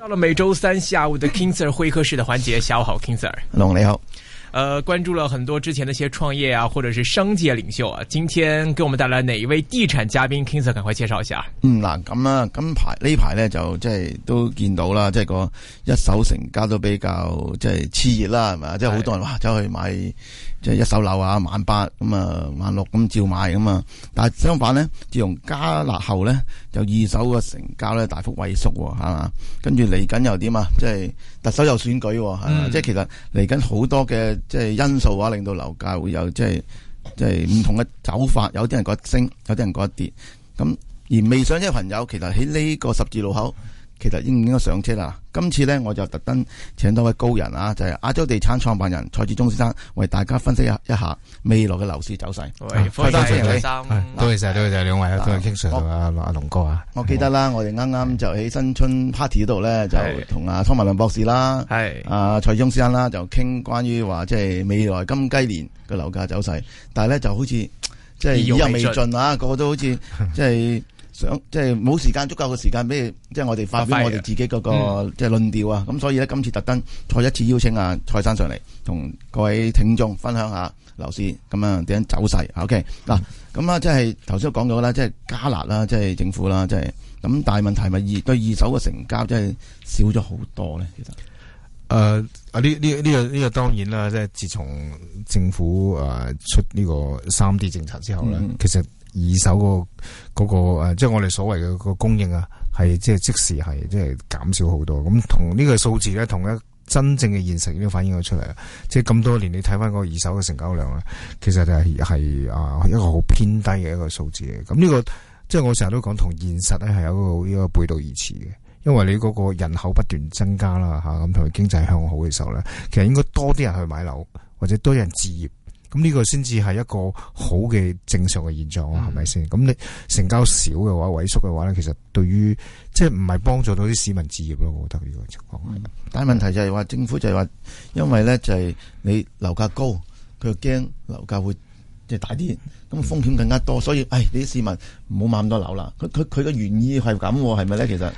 到了每周三下午的 King Sir 會客室的環節，下午好，King Sir，龍，你好，呃，關注了很多之前那些創業啊，或者是商界領袖啊，今天給我們帶來哪一位地產嘉賓？King Sir，趕快介紹一下。嗯嗱，咁啊，今排呢排呢，就即係都見到啦，即係個一手成交都比較即係熾熱啦，係咪啊？即係好對多人話走去買。即係一手樓啊，萬八咁啊，萬六咁照買咁啊。但係相反咧，自從加納後咧，就二手嘅成交咧大幅萎縮嚇。跟住嚟緊又點啊？即係特首有選舉嚇、嗯。即係其實嚟緊好多嘅即係因素啊，令到樓價會有即係即係唔同嘅走法。有啲人覺得升，有啲人覺得跌。咁而未上車朋友，其實喺呢個十字路口。其實應唔應該上車啦？今次咧我就特登請多位高人啊，就係亞洲地產創辦人蔡志忠先生，為大家分析一一下未來嘅樓市走勢。喂，多謝你，多謝多謝兩位，多謝傾常阿龍哥啊。我記得啦，我哋啱啱就喺新春 party 度咧，就同阿湯文亮博士啦，阿蔡志忠先生啦，就傾關於話即係未來金雞年嘅樓價走勢。但係咧就好似即係意猶未盡啊，個個都好似即係。想即係冇時間足夠嘅時間俾，即係我哋發表我哋自己嗰、那個即係論調啊！咁、嗯、所以咧，今次特登再一次邀請啊蔡生上嚟，同各位聽眾分享下樓市咁啊點樣走勢 OK 嗱，咁啊即係頭先都講到啦，即係加辣啦，即係政府啦，即係咁大問題咪二對二手嘅成交真係少咗好多咧。其實誒啊呢呢呢個呢、這個這個這個當然啦，即係自從政府誒出呢個三 D 政策之後咧，嗯嗯其實。二手、那個嗰個誒，即係我哋所謂嘅個供應啊，係即係即時係即係減少好多。咁同個數呢個數字咧，同一真正嘅現實已經反映咗出嚟啦。即係咁多年，你睇翻個二手嘅成交量咧、啊，其實就係係啊一個好偏低嘅一個數字嚟。咁呢、這個即係我成日都講，同現實咧係有一個呢個背道而馳嘅。因為你嗰個人口不斷增加啦、啊，吓咁同經濟向好嘅時候咧，其實應該多啲人去買樓，或者多啲人置業。咁呢個先至係一個好嘅正常嘅現象啊，係咪先？咁你成交少嘅話，萎縮嘅話咧，其實對於即係唔係幫助到啲市民置業咯，我覺得呢個情況。嗯、但係問題就係話，政府就係話，因為咧就係你樓價高，佢驚樓價會即係大啲，咁風險更加多，所以，唉、哎，呢啲市民唔好買咁多樓啦。佢佢佢嘅原意係咁，係咪咧？其實，誒、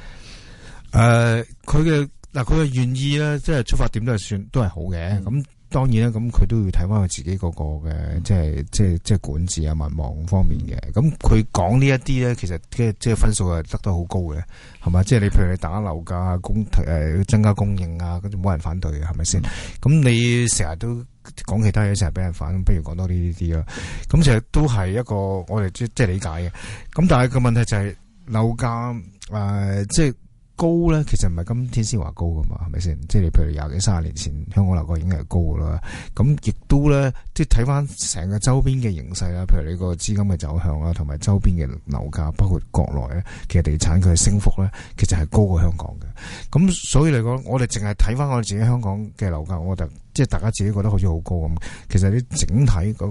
嗯呃，佢嘅嗱佢嘅原意咧，即係出發點都係算都係好嘅，咁。嗯嗯當然啦，咁佢都要睇翻佢自己嗰個嘅，即係即係即係管治啊、民望方面嘅。咁佢講呢一啲咧，其實即係即係分數係，得得好高嘅，係嘛？即係你譬如你打樓價供誒、呃、增加供應啊，嗰啲冇人反對嘅，係咪先？咁、嗯、你成日都講其他嘢，成日俾人反，不如講多呢啲啲啦。咁其實都係一個我哋即即係理解嘅。咁但係個問題就係、是、樓價誒、呃，即係。高咧，其實唔係今天先話高噶嘛，係咪先？即係你譬如廿幾、三十年前，香港樓價已經係高噶啦。咁亦都咧，即係睇翻成個周邊嘅形勢啦。譬如你個資金嘅走向啊，同埋周邊嘅樓價，包括國內咧，其實地產佢升幅咧，其實係高過香港嘅。咁所以嚟講，我哋淨係睇翻我哋自己香港嘅樓價，我覺得即係大家自己覺得好似好高咁。其實啲整體嗰、嗰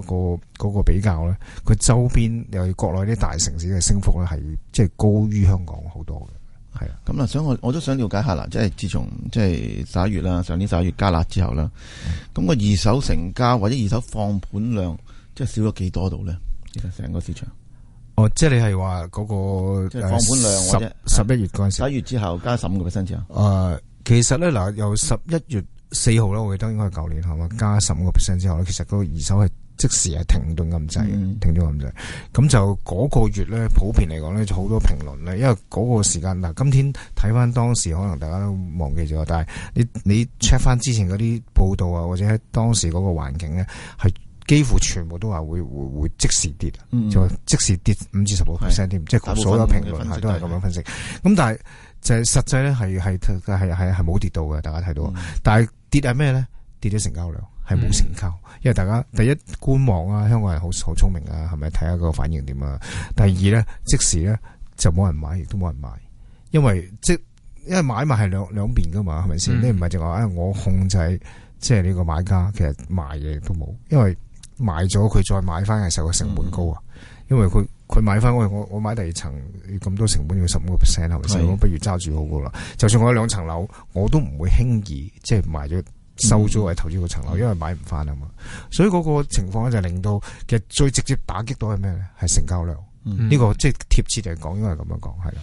個嗰個比較咧，佢周邊又要國內啲大城市嘅升幅咧，係即係高於香港好多嘅。係啊，咁啊，嗯、想我我都想了解下啦，即係自從即係十一月啦，上年十一月加辣之後啦，咁、嗯、個二手成交或者二手放盤量，即係少咗幾多度咧？其實成個市場哦，即係你係話嗰個放盤量或者、呃、十一月嗰陣，十一月之後加十五個 percent 之後，誒、呃，其實咧嗱，由十一月四號啦，我記得應該係舊年係嘛，嗯、加十五個 percent 之後咧，其實嗰個二手係。即時係停頓咁滯，停咗咁滯。咁就嗰個月咧，普遍嚟講咧，就好多評論咧，因為嗰個時間嗱，今天睇翻當時可能大家都忘記咗，但係你你 check 翻之前嗰啲報道啊，或者喺當時嗰個環境咧，係幾乎全部都話會會會即時跌，就即時跌五至十個 percent 跌，即係所有評論係都係咁樣分析。咁但係就係實際咧，係係係係係冇跌到嘅，大家睇到。嗯、但係跌係咩咧？跌咗成交量。係冇成交，因為大家第一觀望啊，香港人好好聰明啊，係咪睇下個反應點啊？第二咧，即時咧就冇人買，亦都冇人賣，因為即因為買賣係兩兩邊噶嘛，係咪先？嗯、你唔係淨話啊，我控制即係呢個買家，其實賣嘢都冇，因為賣咗佢再買翻嘅時候成本高啊，嗯、因為佢佢買翻我我我買第二層咁多成本要十五個 percent，係咪不如揸住好過啦的。就算我有兩層樓，我都唔會輕易即係賣咗。就是收租或者投資嗰層樓，因為買唔翻啊嘛，所以嗰個情況咧就令到其實最直接打擊到係咩咧？係成交量呢、嗯，這個即係貼切嚟講，應該係咁樣講係啦。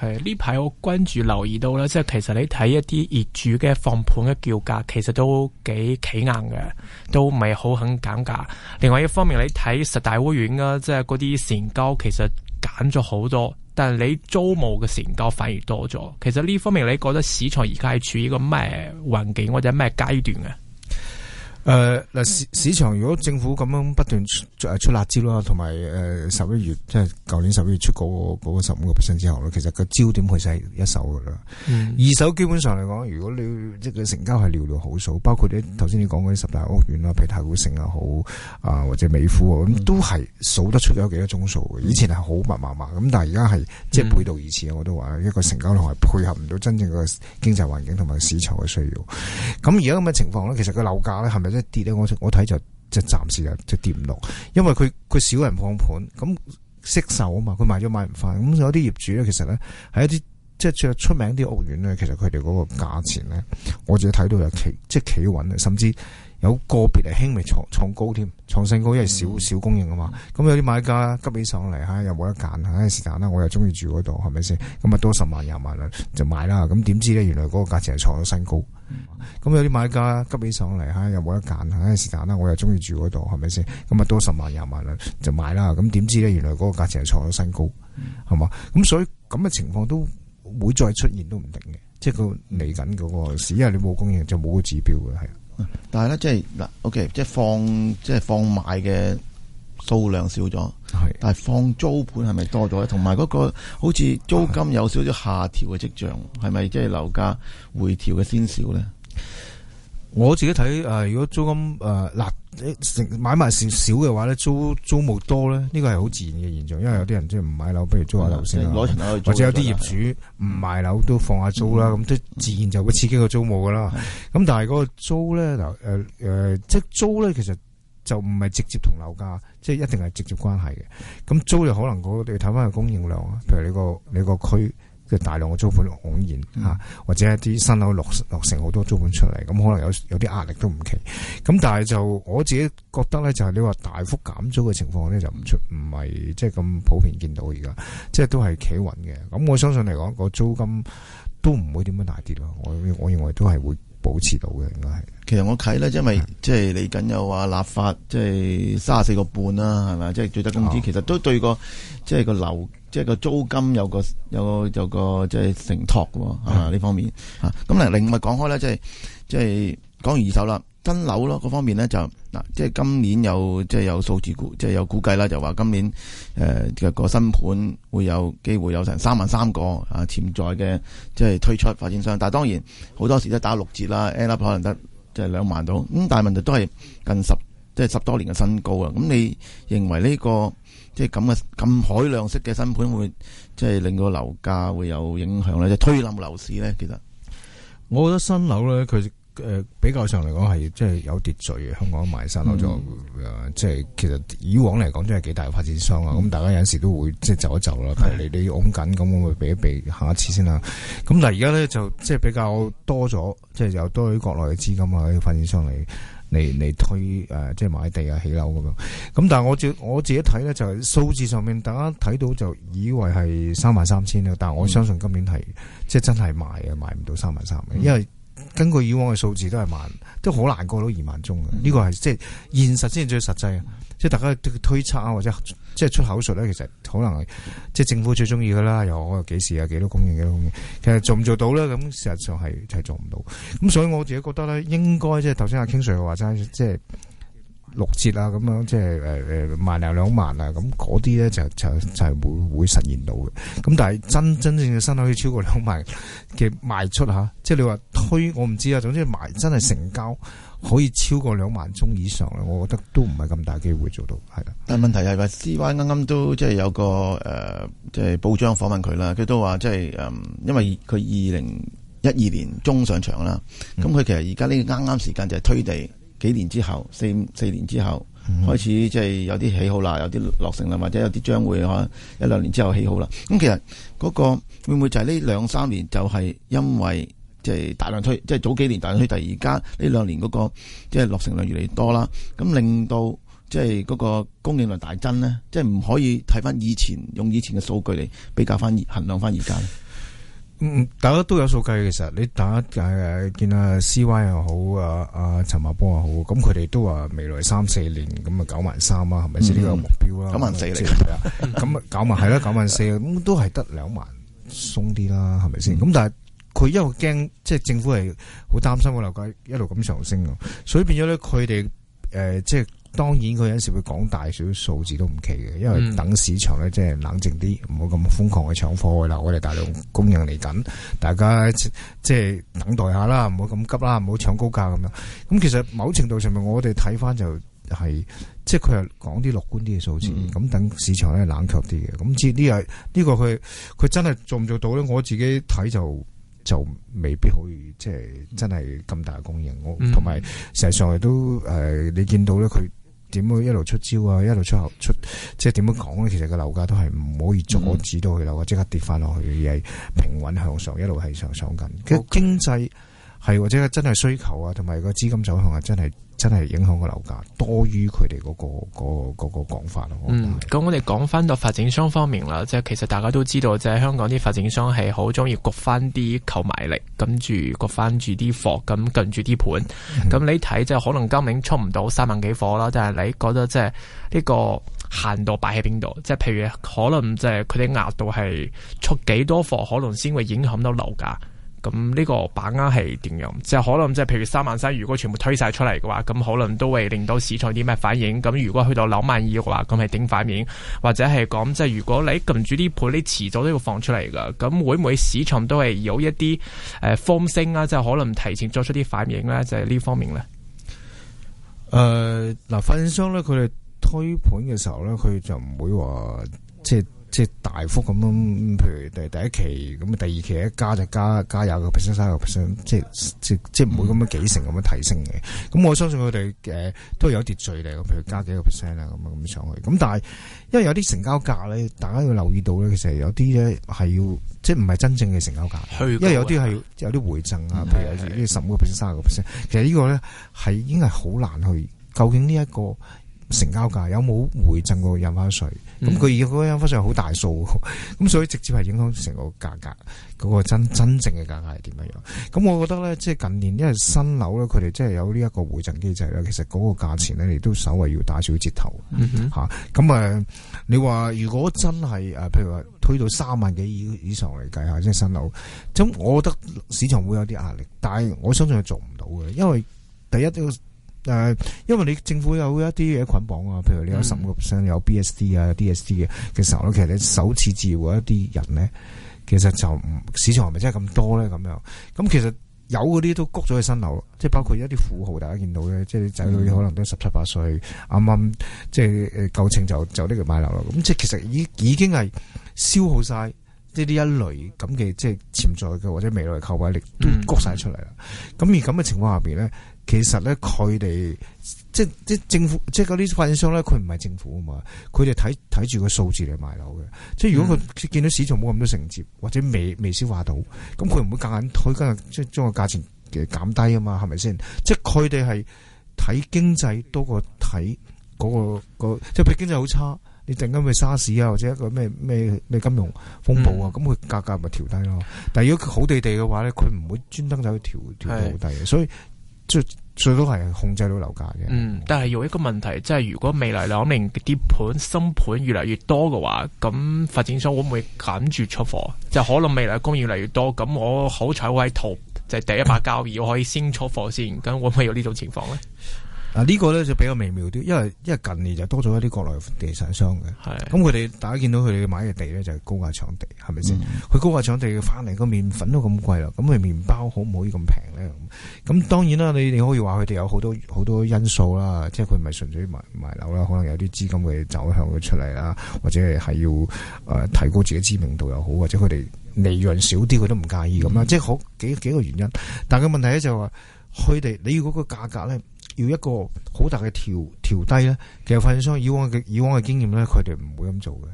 係呢排我關注留意到咧，即係其實你睇一啲業主嘅放盤嘅叫價，其實都幾企硬嘅，都唔係好肯減價。另外一方面，你睇十大屋苑啊，即係嗰啲成交其實減咗好多，但係你租務嘅成交反而多咗。其實呢方面，你覺得市場而家係處於一個咩環境或者咩階段啊？誒，嗱、呃、市市場如果政府咁樣不斷出，出辣椒啦，同埋誒十一月即係舊年十一月出嗰、嗰個十五個 percent 之後咧，其實個焦點佢就係一手噶啦，嗯、二手基本上嚟講，如果你即佢成交係寥寥好數，包括你頭先你講嗰啲十大屋苑啊、比太古城啊、好、呃、啊或者美孚啊，咁都係數得出咗幾多宗數嘅，以前係好密密麻麻，咁但係而家係即係背道而馳，我都話一個成交量係配合唔到真正個經濟環境同埋市場嘅需要，咁而家咁嘅情況咧，其實個樓價咧係咪？是即係跌咧，我我睇就就暫時就即係跌唔落，因為佢佢少人放盤，咁惜售啊嘛，佢賣咗賣唔返，咁有啲業主咧，其實咧係一啲即係最出名啲屋苑咧，其實佢哋嗰個價錢咧，我自己睇到有企即係企穩啊，甚至。有個別嚟，輕微創創高添，創新高，因為少少、嗯、供應啊嘛。咁有啲買家急起上嚟吓，又冇得揀啊！嗰時檔啦，我又中意住嗰度，係咪先？咁啊，多十萬廿萬啦，就買啦。咁點知咧？原來嗰個價錢係創咗新高。咁、嗯、有啲買家急起上嚟吓，又冇得揀啊！嗰時檔啦，yeah, 我又中意住嗰度，係咪先？咁啊，多十萬廿萬啦，就買啦。咁點知咧？原來嗰個價錢係創咗新高，係嘛？咁所以咁嘅情況都會再出現都唔定嘅，即係佢嚟緊嗰個市、嗯，因為你冇供應就冇個指標嘅，係但係咧，即係嗱，OK，即係放即係放賣嘅數量少咗，係，但係放租盤係咪多咗咧？同埋嗰個好似租金有少少下調嘅跡象，係咪即係樓價回調嘅先兆咧？我自己睇，誒、呃，如果租金誒，嗱、呃，買賣少少嘅話咧，租租務多咧，呢個係好自然嘅現象，因為有啲人即係唔買樓，不如租下樓先。或者有啲業主唔賣樓都放下租啦，咁即、嗯、自然就會刺激租、嗯、個租務噶啦。咁但係嗰個租咧，嗱，誒誒，即係租咧，其實就唔係直接同樓價，即係一定係直接關係嘅。咁租就可能我哋睇翻個供應量啊，譬如你個你個區。嘅大量嘅租盤湧現嚇，嗯、或者一啲新樓落落成好多租盤出嚟，咁可能有有啲壓力都唔奇。咁但係就我自己覺得咧，就係、是、你話大幅減租嘅情況咧，就唔出唔係即係咁普遍見到而家，即係都係企穩嘅。咁我相信嚟講個租金都唔會點樣大跌咯。我我認為都係會保持到嘅，應該係。其實我睇咧，因為是即係嚟緊又話立法 5,、嗯、即係卅四個半啦，係咪即係最低工資，哦、其實都對個即係個樓。即係個租金有個有有個,有個即係承托喎啊呢方面啊咁嚟另外講開咧，即係即係講完二手啦，新樓咯嗰方面咧就嗱、啊，即係今年有即係有數字估，即係有,有估計啦，就話今年誒嘅、呃這個新盤會有機會有,有成三萬三個啊潛在嘅即係推出發展商，但係當然好多時都打六折啦 end up 可能得即係兩萬到咁，但係問題都係近十即係十多年嘅新高啊！咁你認為呢、這個？即係咁嘅咁海量式嘅新盤會，即係令到樓價會有影響咧，即係推冧樓市咧。其實我覺得新樓咧，佢誒、呃、比較上嚟講係即係有秩序嘅。香港買新樓就、嗯、即係其實以往嚟講真係幾大發展商啊。咁、嗯、大家有陣時都會即係走一走啦。譬如你你擁緊咁，我會俾一俾下一次先啦。咁但係而家咧就即係比較多咗，即係有多於國內嘅資金啊，啲發展商嚟。嚟嚟推誒、呃，即係買地啊、起樓咁樣。咁但係我自我自己睇咧，就係、數字上面大家睇到就以為係三萬三千咧。但我相信今年係、嗯、即係真係賣呀，賣唔到三萬三千，因為根據以往嘅數字都係萬，都好難過到二萬宗嘅。呢、嗯、個係即係現實先最實際嘅。即係大家推測啊，或者即係出口術咧，其實可能即係政府最中意嘅啦。又我又幾時啊？幾多供應幾多供應？其實做唔做到咧？咁事實上係就係做唔到。咁所以我自己覺得咧，應該即係頭先阿 King Sir 話齋，即係六折啊，咁樣即係誒誒萬零兩,兩萬啊，咁嗰啲咧就就就係會會實現到嘅。咁但係真真正嘅新樓可以超過兩萬嘅賣出嚇，即係你話推我唔知啊。總之賣真係成交。可以超過兩萬宗以上啦，我覺得都唔係咁大機會做到，係啦。但問題係話，CY 啱啱都即係有個誒、呃，即係報章訪問佢啦，佢都話即係誒，因為佢二零一二年中上場啦，咁佢、嗯、其實而家呢啱啱時間就係推地幾年之後，四四年之後、嗯、開始即係有啲起好啦，有啲落成啦，或者有啲將會可能一兩年之後起好啦。咁其實嗰個會唔會就係呢兩三年就係因為？即係大量推，即、就、係、是、早幾年大量推，但係而家呢兩年嗰、那個即係、就是、落成量越嚟越多啦，咁令到即係嗰個供應量大增咧，即係唔可以睇翻以前用以前嘅數據嚟比較翻、衡量翻而家。嗯，大家都有數計，其實你打誒見阿 C Y 又好啊，阿陳茂波又好，咁佢哋都話未來三四年咁啊九萬三啊，係咪先呢個目標、嗯、94, 啊？咁 九萬四嚟嘅，咁啊九萬係啦，九萬四咁都係得兩萬鬆啲啦，係咪先？咁但係。佢一路驚，即係政府係好擔心我樓價一路咁上升，所以變咗咧佢哋誒，即係當然佢有陣時會講大少數字都唔奇嘅，因為等市場咧即係冷靜啲，唔好咁瘋狂去搶貨嘅啦。我哋大量供應嚟緊，大家即係等待下啦，唔好咁急啦，唔好搶高價咁樣。咁其實某程度上面，我哋睇翻就係、是，即係佢係講啲樂觀啲嘅數字，咁、嗯、等市場咧冷卻啲嘅。咁至呢個呢、這個佢佢真係做唔做到咧？我自己睇就。就未必可以即係真係咁大嘅供應，我同埋成日上嚟都誒、呃，你見到咧佢點樣一路出招啊，一路出口出，即係點樣講咧？其實個樓價都係唔可以阻止到佢樓價即刻跌翻落去，而係平穩向上，一路係上上緊。其實經濟。係或者真係需求啊，同埋個資金走向啊，真係真係影響個樓價多於佢哋嗰個個個講法咯。嗯，咁我哋講翻到發展商方面啦，即係其實大家都知道，即係香港啲發展商係好中意焗翻啲購買力，跟住焗翻住啲貨，咁近住啲盤。咁、嗯、哼你睇即係可能今年出唔到三萬幾貨啦，但係你覺得即係呢個限度擺喺邊度？即係譬如可能即係佢哋額度係出幾多貨，可能先會影響到樓價。咁呢個把握係點樣？即係可能，即係譬如三萬三，如果全部推晒出嚟嘅話，咁可能都會令到市場啲咩反應？咁如果去到兩萬二嘅話，咁係點反應？或者係講即係如果你撳住啲盤，你遲早都要放出嚟噶，咁會唔會市場都係有一啲誒風聲啊？即係可能提前作出啲反應咧？就係、是、呢方面咧。誒、呃、嗱、呃，發展商咧，佢哋推盤嘅時候咧，佢就唔會話即係。就是即係大幅咁樣，譬如第第一期咁第二期一加就加加廿個 percent、三十個 percent，即係即係即係唔會咁樣幾成咁樣提升嘅。咁我相信佢哋誒都有秩序嘅，譬如加幾個 percent 啊咁啊咁上去。咁但係因為有啲成交價咧，大家要留意到咧，其實有啲咧係要即係唔係真正嘅成交價，過因為有啲係過有啲回贈啊，譬如有啲十五個 percent、三十個 percent。的其實呢個咧係應該係好難去，究竟呢、這、一個。成交價有冇回贈個印花稅？咁佢而家嗰個印花稅好大數，咁 所以直接係影響成個價格嗰、嗰個真真正嘅價格係點樣樣？咁我覺得咧，即係近年因為新樓咧，佢哋即係有呢一個回贈機制咧，其實嗰個價錢咧亦都稍為要打少啲折頭。吓咁誒，你話如果真係誒，譬如話推到三萬幾以以上嚟計下，即係新樓，咁我覺得市場會有啲壓力，但係我相信係做唔到嘅，因為第一。誒、呃，因為你政府有一啲嘢捆綁啊，譬如你有十五個 percent 有 BSD 啊、DSD 嘅、啊、嘅時候咧，其實你首次置業一啲人咧，其實就唔市場係咪真係咁多咧？咁樣，咁其實有嗰啲都谷咗去新樓，即係包括一啲富豪，大家見到咧，即係啲仔女可能都十七八歲，啱啱即係誒夠稱就是呃、情就搦嚟買樓啦。咁即係其實已已經係消耗晒呢一類咁嘅即係潛在嘅或者未來嘅購買力都谷晒出嚟啦。咁、嗯、而咁嘅情況下邊咧？其實咧，佢哋即係即係政府，即係嗰啲發展商咧，佢唔係政府啊嘛，佢哋睇睇住個數字嚟賣樓嘅。即係如果佢見到市場冇咁多承接，或者未未消化到，咁佢唔會夾硬，佢今日即係將個價錢減低啊嘛，係咪先？即係佢哋係睇經濟多過睇嗰、嗰個、嗰個，即係譬如經濟好差，你突然間去沙士啊，或者一個咩咩咩金融風暴啊，咁佢價格咪調低咯。但係如果佢好地地嘅話咧，佢唔會專登走去調調到好低嘅，所以。最最多係控制到樓價嘅，嗯，但係有一個問題，即係如果未來兩年啲盤新盤越嚟越多嘅話，咁發展商會唔會趕住出貨？ 就可能未來供應，越嚟越多，咁我好彩會喺頭就係第一把交椅， 我可以先出貨先，咁會唔會有呢種情況咧？嗱呢個咧就比較微妙啲，因為因為近年就多咗一啲國內地產商嘅，咁佢哋大家見到佢哋買嘅地咧就係高價場地，係咪先？佢、嗯、高價場地嘅翻嚟，個麵粉都咁貴啦，咁佢麵包可唔可以咁平咧？咁當然啦，你你可以話佢哋有好多好多因素啦，即係佢唔係純粹賣賣樓啦，可能有啲資金嘅走向佢出嚟啦，或者係係要誒、呃、提高自己知名度又好，或者佢哋利潤少啲佢都唔介意咁啦、嗯，即係好幾幾，幾個原因。但係個問題咧就係話佢哋你要嗰個價格咧。要一個好大嘅調調低咧，其實發展商以往嘅以往嘅經驗咧，佢哋唔會咁做嘅，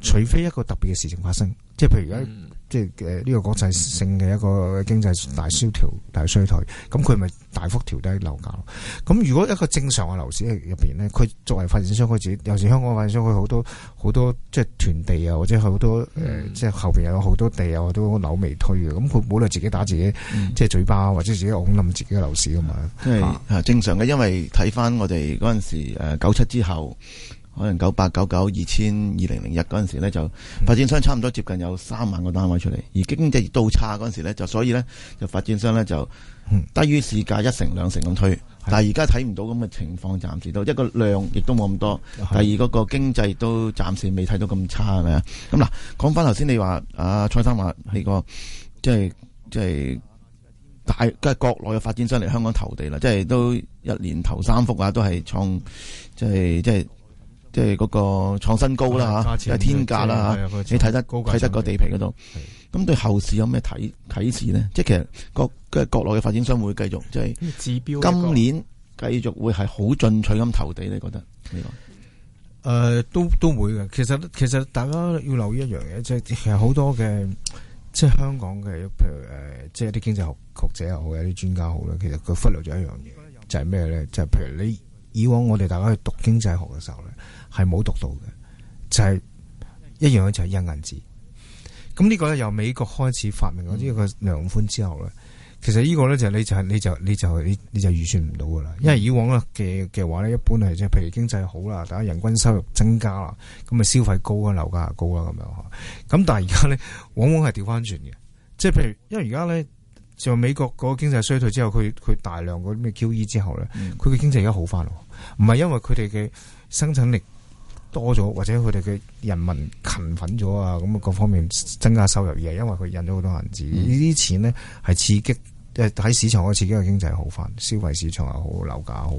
除非一個特別嘅事情發生，即係譬如而家。嗯即係誒呢個國際性嘅一個經濟大蕭條、嗯、大衰退，咁佢咪大幅調低樓價？咁、嗯、如果一個正常嘅樓市入邊咧，佢作為發展商，佢自己尤其香港發展商，佢好多好多即係囤地啊，或者係好多誒，即、呃、係、嗯、後邊有好多地啊，都樓未推嘅。咁佢冇理由自己打自己、嗯、即係嘴巴，或者自己戇冧自己嘅樓市㗎嘛。啊，正常嘅，因為睇翻我哋嗰陣時九七、呃、之後。可能九八九九二千二零零一嗰陣時咧、嗯，就發展商差唔多接近有三萬個單位出嚟，而經濟亦都差嗰陣時咧，就所以咧，就發展商咧就低於市價一成兩成咁推。嗯、但係而家睇唔到咁嘅情況，暫時都一個量亦都冇咁多。第二嗰個經濟都暫時未睇到咁差，係咪啊？咁、嗯、嗱，講翻頭先你話啊，蔡生話係個即係即係大即係、即係、國內嘅發展商嚟香港投地啦，即、就、係、係、都一年投三幅啊，都係創即係即係。即係即係。即係嗰個創新高啦，吓又、啊、天價價啦，吓你睇得高睇得個地皮嗰度，咁的對後市有咩睇啟示咧？的即係其實國嘅國內嘅發展商會繼續，即、就、係、是、今年繼續會係好進取咁投地，你覺得、這個？誒、呃，都都會嘅。其實其實大家要留意一樣嘢，即係其實好多嘅即係香港嘅，譬如誒、呃，即係啲經濟學學者又好，有啲專家好咧。其實佢忽略咗一樣嘢，就係咩咧？就係、是、譬如你以往我哋大家去讀經濟學嘅時候咧。係冇讀到嘅，就係、是、一樣嘅，就係印銀紙。咁呢個咧由美國開始發明嗰啲個量寬之後咧，嗯、其實呢個咧就係你就係你就你就你你就預算唔到噶啦。嗯、因為以往嘅嘅話咧，一般係即係譬如經濟好啦，大家人均收入增加啦，咁啊消費高啦，樓價高啦咁樣。咁但係而家咧，往往係調翻轉嘅，即係譬如因為而家咧就美國個經濟衰退之後，佢佢大量嗰啲咩 QE 之後咧，佢嘅、嗯、經濟而家好翻咯，唔係因為佢哋嘅生產力。多咗或者佢哋嘅人民勤奮咗啊，咁啊各方面增加收入，而因為佢印咗好多銀紙呢啲錢咧，係刺激即係喺市場可以刺激個經濟好翻，消費市場又好，樓價好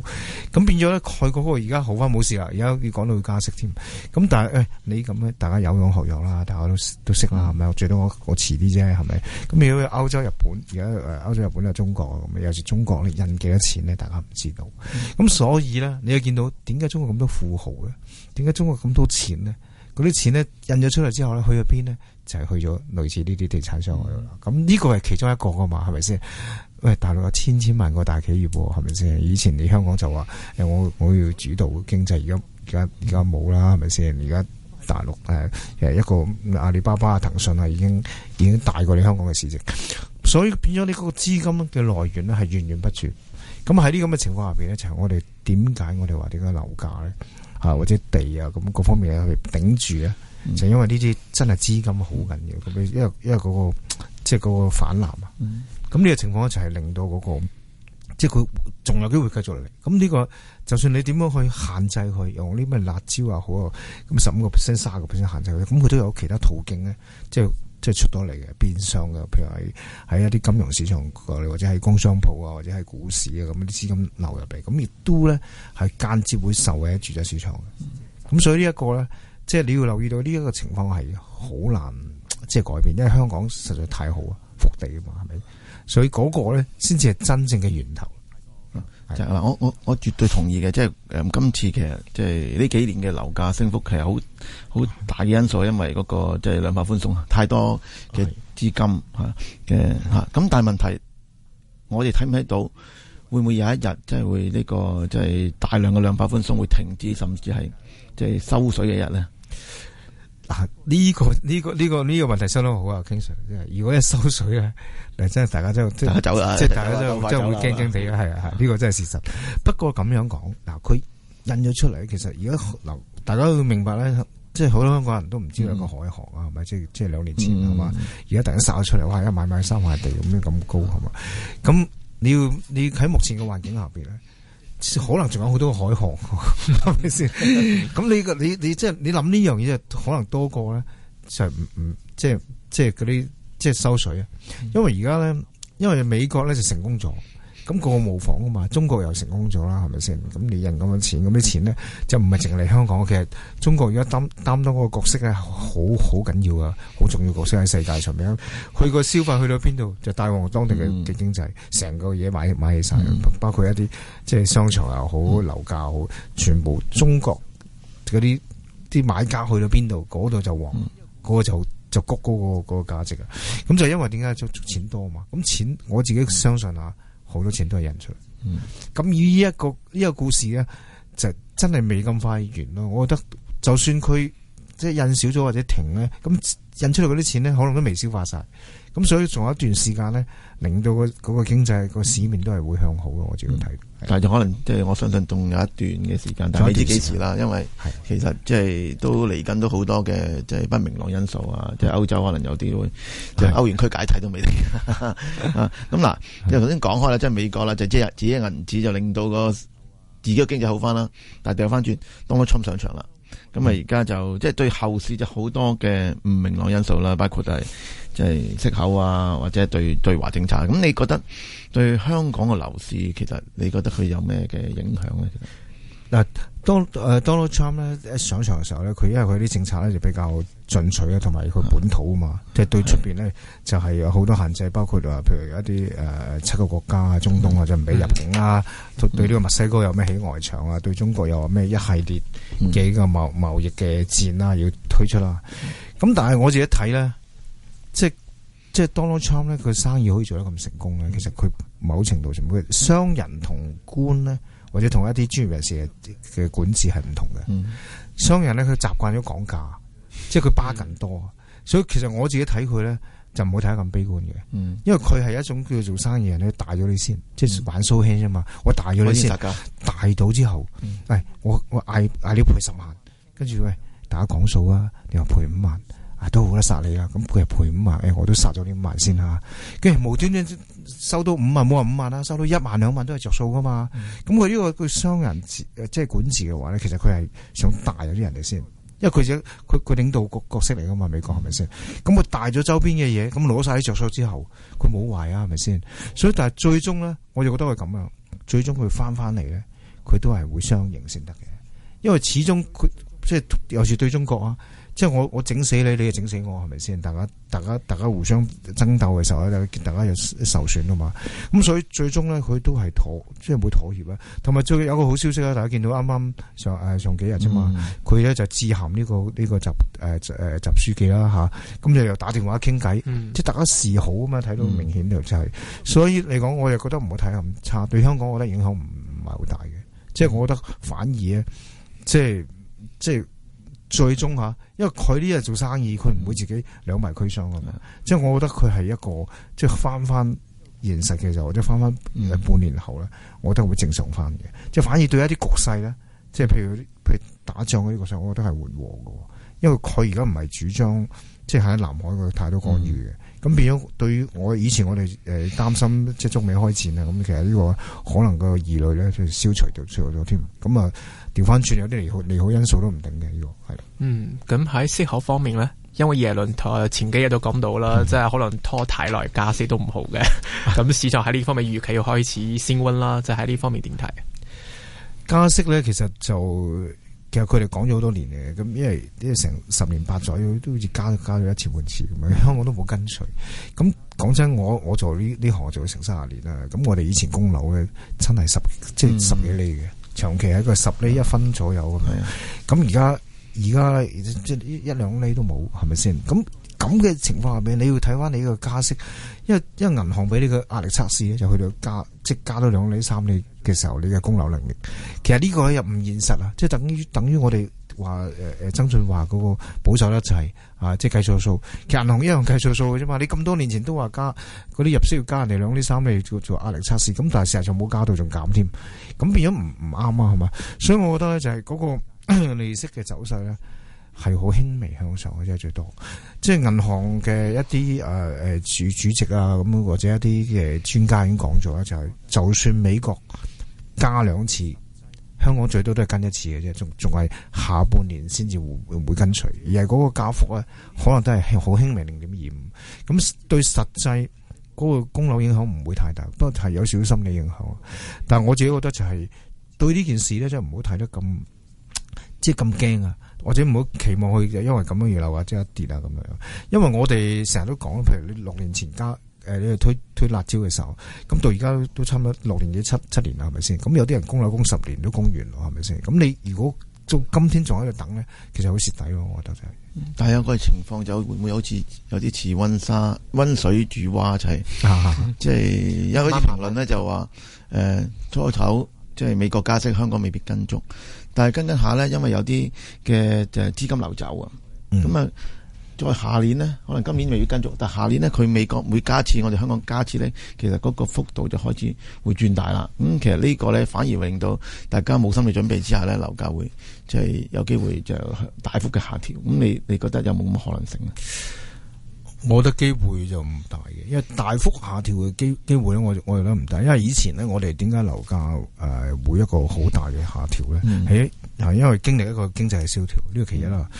咁變咗咧。佢國嗰個而家好翻冇事啦，而家要講到佢加息添咁，但係誒你咁咧，大家有樣學樣啦，大家都都識啦，係咪？最多我我遲啲啫，係咪咁？你果歐洲、日本而家誒歐洲、日本又中國咁，有時中國你印幾多錢咧？大家唔知道咁，所以咧你又見到點解中國咁多富豪嘅？點解中國咁多錢呢？嗰啲錢呢，印咗出嚟之後呢，去咗邊呢？就係去咗類似呢啲地產商去啦。咁呢個係其中一個噶嘛？係咪先？喂，大陸有千千萬個大企業，係咪先？以前你香港就話，呃、我我要主導經濟，而家而家而家冇啦，係咪先？而家大陸誒誒一個阿里巴巴啊、騰訊啊，已經已經大過你香港嘅市值，所以變咗你嗰個資金嘅來源咧係源源不絕。咁喺呢咁嘅情況下邊呢，就係我哋點解我哋話點解樓價呢？啊，或者地啊，咁各方面啊去頂住咧，就因為呢啲真係資金好緊要，咁因為因為嗰個即係嗰個反彈啊，咁呢個情況咧就係令到嗰個即係佢仲有機會繼續嚟，咁呢個就算你點樣去限制佢，用啲咩辣椒啊，好啊，咁十五個 percent、卅個 percent 限制佢，咁佢都有其他途徑咧，即係。即係出到嚟嘅變相嘅，譬如喺喺一啲金融市場，或者喺工商鋪啊，或者喺股市啊咁啲資金流入嚟，咁亦都咧係間接會受惠喺住宅市場嘅。咁、嗯、所以呢一個咧，即係你要留意到呢一個情況係好難、嗯、即係改變，因為香港實在太好啊，福地啊嘛，係咪？所以嗰個咧先至係真正嘅源頭。就係我我我絕對同意嘅，即係誒今次其實即係呢幾年嘅樓價升幅其實好好大嘅因素，因為嗰、那個即係兩百寬鬆太多嘅資金嚇嘅嚇。咁的、啊、但係問題，我哋睇唔睇到會唔會有一日即係會呢、這個即係大量嘅兩百寬鬆會停止，甚至係即係收水嘅一日咧？嗱，呢、啊，這個呢、這個呢個呢個問題相當好啊，King Sir，如果一收水啊，真係大家真係大家走啦、啊，即係大家真係會驚驚地係啊係，呢、這個真係事實。不過咁樣講，嗱，佢印咗出嚟，其實而家嗱，大家要明白咧，即係好多香港人都唔知道一個海航啊，咪即係即係兩年前啊嘛，而家、嗯、突然殺咗出嚟，哇，一買買三塊地咁樣咁高係嘛，咁你要你喺目前嘅環境下邊咧？可能仲有好多海航，係咪先？咁你個你、即係、你即係你諗呢樣嘢，可能多過咧，就唔唔即係即係嗰啲即係收水啊！嗯、因為而家咧，因為美國咧就成功咗。咁個個模仿啊嘛，中國又成功咗啦，係咪先？咁你印咁多錢，咁啲錢咧就唔係淨係嚟香港。其實中國而家擔擔當嗰個角色咧，好好緊要㗎，好重要，重要角色喺世界上面。佢個消費去到邊度，就帶旺當地嘅經濟，成、嗯、個嘢買買起晒。嗯、包括一啲即係商場又好，樓價好，全部中國嗰啲啲買家去到邊度，嗰度就旺，嗰、嗯、個就就谷嗰、嗰個嗰、嗰個、價值啊。咁就因為點解？就錢多啊嘛。咁錢我自己相信啊。好多錢都係印出嚟，嗯，咁以呢一個呢個故事咧，就真係未咁快完咯。我覺得就算佢即係印少咗或者停咧，咁印出嚟嗰啲錢咧，可能都未消化晒。咁所以仲有一段時間咧。令到個嗰個經濟、個市面都係會向好嘅，我自己睇、嗯。但係就可能即係、就是、我相信仲有一段嘅時間，但係未知幾時啦。因為其實即係都嚟緊都好多嘅即係不明朗因素啊，即係歐洲可能有啲會即係歐元區解體都未定。咁嗱，因為頭先講開啦，即係美國啦，就即係自己銀紙就令到、個自己個經濟好翻啦。但係掉翻轉特朗普上場啦。咁啊，而家、嗯、就即係、就是、對後市就好多嘅唔明朗因素啦，包括係即係息口啊，或者對對華政策。咁你覺得對香港嘅樓市，其實你覺得佢有咩嘅影響咧？嗱。啊當 Donald Trump 咧一上場嘅時候咧，佢因為佢啲政策咧就比較進取啊，同埋佢本土啊嘛，即係、嗯、對出邊咧就係有好多限制，包括話譬如有一啲誒、呃、七個國家啊、中東或者唔俾入境啦、嗯嗯，對呢個墨西哥有咩起外牆啊，嗯、對中國又話咩一系列嘅貿貿易嘅戰啦要推出啦，咁、嗯、但係我自己睇咧，即係即係 Donald Trump 咧，佢生意可以做得咁成功咧，其實佢某程度上佢商人同官咧。或者同一啲專業人士嘅管治係唔同嘅，嗯、商人咧佢習慣咗講價，嗯、即係佢 bargain 多，嗯、所以其實我自己睇佢咧就唔好睇得咁悲觀嘅，嗯、因為佢係一種叫做做生意人咧大咗你先你，嗯、即係玩 show hand 啫嘛，我大咗你先，大到之後，喂、嗯哎，我我嗌嗌你賠十萬，跟住喂，大家講數啊，你話賠五萬。都好得殺你啦！咁佢係賠五萬，誒、哎，我都殺咗你五萬先啦。跟住無端端收到五萬，冇話五萬啦，收到一萬兩萬都係着數噶嘛。咁佢呢個佢商人即係管治嘅話咧，其實佢係想大咗啲人哋先，因為佢想佢佢領導個角色嚟噶嘛，美國係咪先？咁佢大咗周邊嘅嘢，咁攞晒啲着數之後，佢冇壞啊，係咪先？所以但係最終咧，我就覺得係咁啊。最終佢翻翻嚟咧，佢都係會相應先得嘅，因為始終佢即係尤其是對中國啊。即係我我整死你，你又整死我，係咪先？大家大家大家互相爭鬥嘅時候大家又受損啊嘛。咁、嗯、所以最終咧，佢都係妥，即係會妥協啊。同埋最有個好消息啦，大家見到啱啱上誒、啊、上幾日啫嘛，佢咧就致函呢個呢、這個習誒誒習書記啦吓。咁、啊、就又打電話傾偈，即係、嗯、大家示好啊嘛，睇到明顯就係、是。所以嚟講，我又覺得唔好睇咁差，對香港我覺得影響唔唔係好大嘅。即係我覺得反而咧，即係即係。即最終嚇，因為佢呢日做生意，佢唔會自己兩敗俱傷嘅嘛。嗯、即係我覺得佢係一個即係翻翻現實嘅時候，或者翻翻誒半年後咧，嗯、我覺得會正常翻嘅。即係反而對一啲局勢咧，即係譬如譬如打仗嗰啲局勢，我覺得係緩和嘅。因為佢而家唔係主張即係喺南海嘅太多干預嘅。嗯咁變咗，對於我以前我哋誒擔心，即係中美開戰啊，咁其實呢個可能個疑慮咧，佢消除掉咗添。咁啊，調返轉有啲利好利好因素都唔定嘅，呢個係。嗯，咁喺息口方面咧，因為耶倫台前幾日都講到啦，嗯、即係可能拖太耐加息都唔好嘅。咁 市場喺呢方面預期要開始升溫啦，即係喺呢方面點睇？加息咧，其實就。其實佢哋講咗好多年嘅，咁因為呢成十年八載都好似加加咗一次半次咁樣，香港都冇跟隨。咁講真，我我做呢呢行做咗成卅年啦。咁我哋以前供樓咧，真係十即係十幾厘嘅，嗯、長期喺個十厘、嗯、一分左右。咁而家而家即係一兩厘都冇，係咪先？咁咁嘅情況下面，你要睇翻你個加息，因為因為銀行俾你個壓力測試咧，就去到加即係加多兩厘三厘嘅時候，你嘅供樓能力，其實呢個又唔現實啊！即係等於等於我哋話誒誒曾俊華嗰個保守得滯啊！即係計錯數，其實銀行一樣計錯數嘅啫嘛。你咁多年前都話加嗰啲入息要加人哋兩厘三厘做做壓力測試，咁但係事實上冇加到，仲減添，咁變咗唔唔啱啊，係嘛？所以我覺得咧就係嗰個 利息嘅走勢咧。係好輕微向上嘅，即係最多，即係銀行嘅一啲誒誒主主席啊，咁或者一啲嘅專家已經講咗啦，就係就算美國加兩次，香港最多都係跟一次嘅啫，仲仲係下半年先至會會跟隨。而係嗰個加幅咧，可能都係好輕微零點二五咁，對實際嗰個供樓影響唔會太大，不過係有少少心理影響。但係我自己覺得就係對呢件事咧，真係唔好睇得咁即係咁驚啊！或者唔好期望佢就因為咁樣而樓價即刻跌啊咁樣，因為我哋成日都講，譬如你六年前加誒、呃，你推推辣椒嘅時候，咁到而家都差唔多六年幾七七年啦，係咪先？咁有啲人供樓供十年都供完咯，係咪先？咁你如果做今天仲喺度等咧，其實好蝕底咯，我覺得就係。嗯、但係有個情況就會唔會好似有啲似溫沙溫水煮蛙就係、是，即係、 就是、有一啲評論咧就話誒、呃、初頭即係美國加息，香港未必跟足。但係跟跟下咧，因為有啲嘅誒資金流走啊，咁啊、嗯，再下年咧，可能今年咪要繼續，但係下年咧，佢美國每加資，我哋香港加資咧，其實嗰個幅度就開始會轉大啦。咁、嗯、其實個呢個咧，反而會令到大家冇心理準備之下咧，樓價會即係有機會就大幅嘅下調。咁、嗯、你你覺得有冇咁嘅可能性咧？我覺得機會就唔大嘅，因為大幅下調嘅機機會咧，我我哋諗唔大。因為以前咧，我哋點解樓價誒每一個好大嘅下調咧？係、嗯、因為經歷一個經濟嘅蕭條呢、這個其一啦。嗯、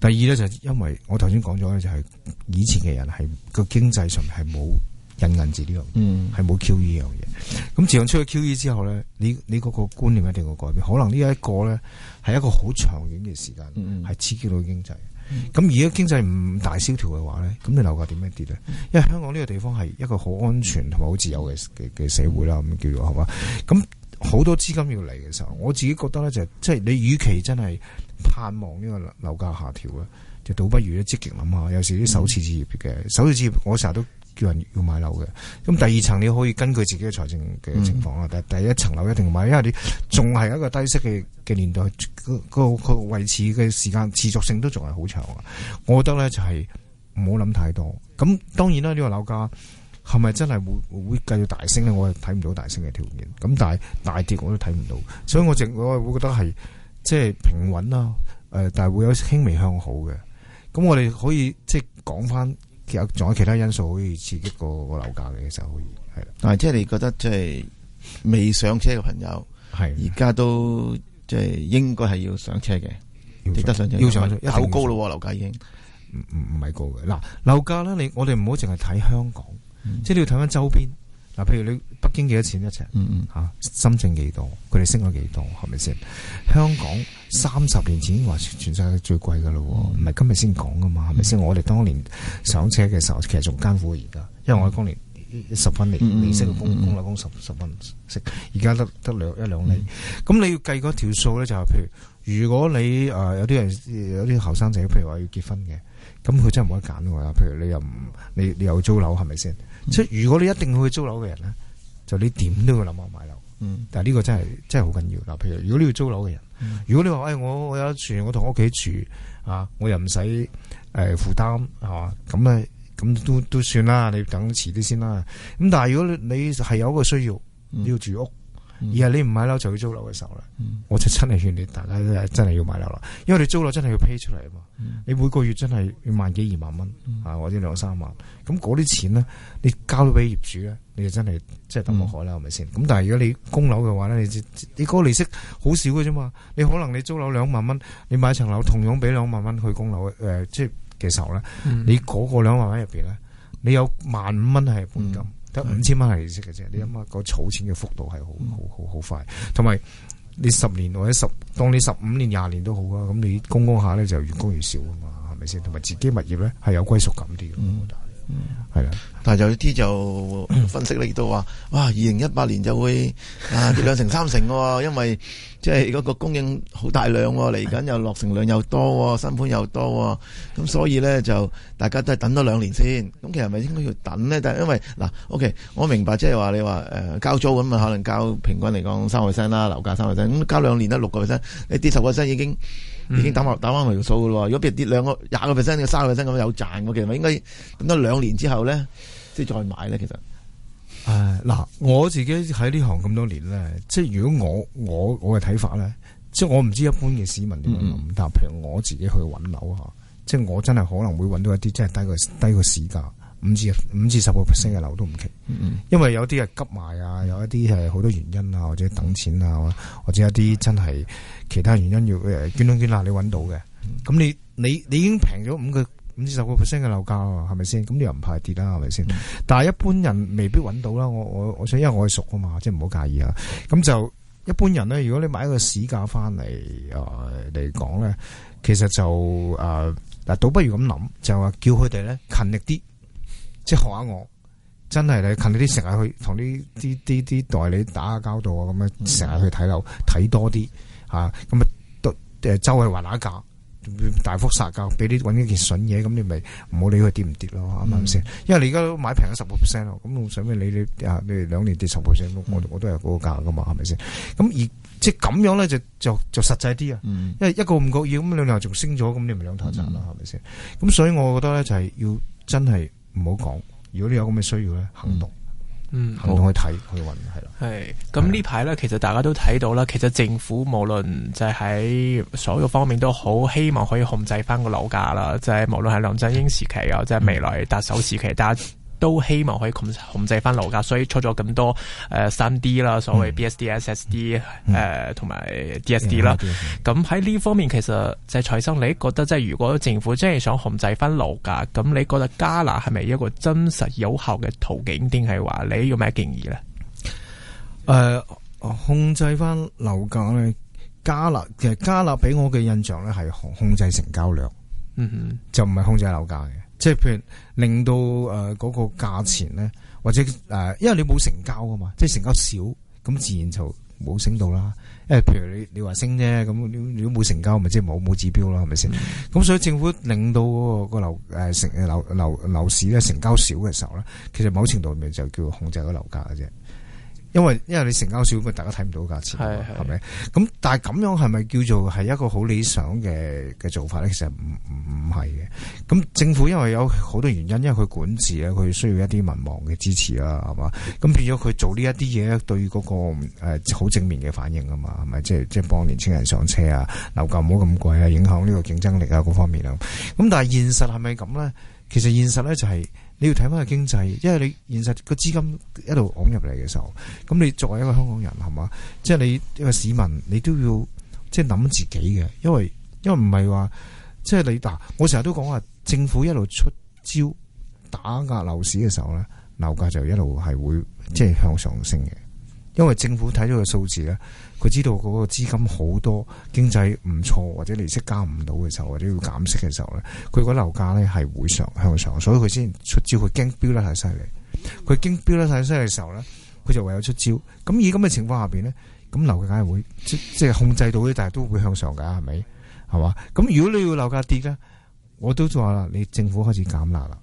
第二咧就係、是、因為我頭先講咗咧，就係、是、以前嘅人係個、嗯、經濟上係冇印銀紙呢樣，係冇 QE 呢樣嘢。咁、e、自從出咗 QE 之後咧，你你嗰個觀念一定會改變。可能呢一個咧係一個好長遠嘅時間，係刺激到經濟。嗯咁、嗯、而家經濟唔大蕭條嘅話咧，咁你樓價點樣跌啊？嗯、因為香港呢個地方係一個好安全同埋好自由嘅嘅嘅社會啦，咁、嗯、叫做係嘛？咁好多資金要嚟嘅時候，我自己覺得咧就即、是、係、就是、你與其真係盼望呢個樓價下調咧，就倒不如咧積極諗下。有時啲首次置業嘅、嗯、首次置業，我成日都。叫人要買樓嘅，咁第二層你可以根據自己嘅財政嘅情況啊，但係、嗯、第一層樓一定買，因為你仲係一個低息嘅嘅年代，個個維持嘅時間持續性都仲係好長啊。我覺得咧就係唔好諗太多。咁當然啦，呢、呢個樓價係咪真係會會繼續大升咧？我係睇唔到大升嘅條件。咁但係大跌我都睇唔到，所以我就我係會覺得係即係平穩啦。誒，但係會有輕微向好嘅。咁我哋可以即係講翻。仲有其他因素可以刺激個個樓價嘅，其實可以係啦。但係即係你覺得即係未上車嘅朋友，係而家都即係應該係要上車嘅，要上值得上車。要上車，因為好高咯，樓價已經唔唔唔係高嘅。嗱上，樓價咧，你我哋唔好淨係睇香港，嗯、即係你要睇翻周邊。嗱，譬如你北京幾多錢一尺？吓、嗯嗯啊、深圳幾多？佢哋升咗幾多？係咪先？香港三十年前已經話全世界最貴噶咯，唔係、嗯嗯、今日先講噶嘛？係咪先？嗯嗯我哋當年上車嘅時候，其實仲艱苦過而家，因為我哋當年十分利，嗯嗯嗯你升供供樓供十十分息，而家得得兩一兩厘。咁、嗯嗯、你要計嗰條數咧，就係、是、譬如如果你誒、呃、有啲人有啲後生仔，譬如話要結婚嘅，咁佢真係冇得揀啊！譬如你又唔你你又你你你租樓，係咪先？即係、嗯、如果你一定要去租樓嘅人咧，就你點都要諗下買樓。嗯、但係呢個真係真係好緊要。嗱，譬如如果你要租樓嘅人，嗯、如果你話誒、哎、我我有得住，我同屋企住啊，我又唔使誒負擔係嘛，咁咧咁都都算啦。你等遲啲先啦。咁但係如果你係有一個需要你要住屋。嗯而係你唔買樓就要租樓嘅時候咧，嗯、我就真係勸你，大家真係要買樓啦，因為你租樓真係要 pay 出嚟啊嘛，嗯、你每個月真係要萬幾二萬蚊啊，嗯、或者兩三萬，咁嗰啲錢咧，你交咗俾業主咧，你就真係即係得冇海啦，係咪先？咁但係如果你供樓嘅話咧，你你嗰個利息好少嘅啫嘛，你可能你租樓兩萬蚊，你買一層樓同樣俾兩萬蚊去供樓誒、呃，即係嘅時候咧，你嗰個兩萬蚊入邊咧，你有萬五蚊係本金。嗯得五千蚊係利息嘅啫，你諗下個儲錢嘅幅度係好好好好快，同埋你十年或者十當你十五年、廿年都好啊，咁你供供下咧就越供越少啊嘛，係咪先？同埋自己物業咧係有歸屬感啲嘅。嗯嗯，係啦，但係有啲就分析嚟到，話哇，二零一八年就會啊跌兩成三成嘅，哦，因為即係嗰個供應好大量，哦，嚟緊又落成量又多，哦，新盤又多，哦，咁所以咧就大家都係等多兩年先。咁其實係咪應該要等咧？但係因為嗱，啊，OK，我明白即係話你話誒，呃，交租咁啊，可能交平均嚟講三個 percent 啦，樓價三個 percent，咁交兩年得六個 percent，你跌十個 percent 已經已經打埋打埋條數嘅咯，如果跌跌兩個廿個 percent 三個 percent 咁有賺我其實咪應該等多兩年之後咧，即係再買咧。其實，誒，嗱，我自己喺呢行咁多年咧，即係如果我我我嘅睇法咧，即係我唔知一般嘅市民點樣諗，嗯、但譬如我自己去搵樓吓，即係我真係可能會搵到一啲即係低過低過市價。五至五至十個 percent 嘅樓都唔奇，因為有啲係急賣啊，有一啲係好多原因啊，或者等錢啊，或者一啲真係其他原因要誒捐窿捐罅。你揾到嘅咁、嗯、你你你已經平咗五個五至十個 percent 嘅樓價啦，係咪先？咁你又唔怕跌啦，係咪先？嗯、但係一般人未必揾到啦。我我我想，因為我係熟啊嘛，即係唔好介意啊。咁就一般人咧，如果你買一個市價翻嚟誒嚟講咧，其實就誒嗱、呃，倒不如咁諗，就話叫佢哋咧勤力啲。即係學下我，真係你近啲成日去同啲啲啲啲代理打下交道啊，咁樣成日去睇樓睇多啲，吓咁咪都誒周圍還下價，大幅殺價，俾你搵一件筍嘢，咁你咪唔好理佢跌唔跌咯，啱唔啱先？因為你而家買平咗十個 percent 咯，咁我想俾你，你啊，你兩年跌十個 percent，我我都係嗰個價噶嘛，係咪先？咁、嗯、而即係咁樣咧，就就就實際啲啊，因為一個唔覺意咁兩年仲升咗，咁你咪兩頭賺啦，係咪先？咁所以我覺得咧就係要真係。唔好講，如果你有咁嘅需要咧，行動，嗯，行動去睇好去揾係啦。係，咁呢排咧，其實大家都睇到啦，其實政府無論就係喺所有方面都好希望可以控制翻個樓價啦，就係、是、無論係梁振英時期啊，即係、嗯、未來特首時期，但係。都希望可以控控制翻樓價，所以出咗咁多誒三 D 啦、嗯，所謂 BSD、SSD 誒，同埋 DSD 啦。咁喺呢方面，其實就係蔡生，你覺得即係如果政府真係想控制翻樓價，咁你覺得加辣係咪一個真實有效嘅途徑，定係話你要咩建議咧？誒、呃，控制翻樓價咧，加辣其實加辣俾我嘅印象咧係控制成交量，嗯哼，就唔係控制樓價嘅。即係譬如令到誒嗰、呃嗰個價錢咧，或者誒、呃，因為你冇成交啊嘛，即係成交少，咁自然就冇升到啦。因為譬如你你話升啫，咁你你都冇成交，咪即係冇冇指標咯，係咪先？咁、嗯、所以政府令到嗰、嗰個、嗰個樓誒、呃、成樓樓樓市咧成交少嘅時候咧，其實某程度咪就叫控制個樓價嘅啫。因為因為你成交少，佢大家睇唔到價錢，係咪是是？咁但係咁樣係咪叫做係一個好理想嘅嘅做法咧？其實唔唔係嘅。咁政府因為有好多原因，因為佢管治啊，佢需要一啲民望嘅支持啦，係嘛？咁變咗佢做呢一啲嘢咧，對嗰個誒好正面嘅反應啊嘛，係咪？即係即係幫年青人上車啊，樓價唔好咁貴啊，影響呢個競爭力啊，嗰方面啊。咁但係現實係咪咁咧？其實現實咧就係、是。你要睇翻個經濟，因為你現實個資金一路湧入嚟嘅時候，咁你作為一個香港人係嘛，即係、就是、你一個市民，你都要即係諗自己嘅，因為因為唔係話即係你嗱，我成日都講話，政府一路出招打壓樓市嘅時候咧，樓價就一路係會即係向上升嘅。因為政府睇咗個數字咧，佢知道嗰個資金好多，經濟唔錯或者利息加唔到嘅時候，或者要減息嘅時候咧，佢個樓價咧係會上向上，所以佢先出招。佢驚飆得太犀利，佢驚飆得太犀利嘅時候咧，佢就唯有出招。咁以咁嘅情況下邊咧，咁樓價梗係會即即係控制到啲，但係都會向上噶，係咪係嘛？咁如果你要樓價跌咧，我都話啦，你政府開始減辣啦，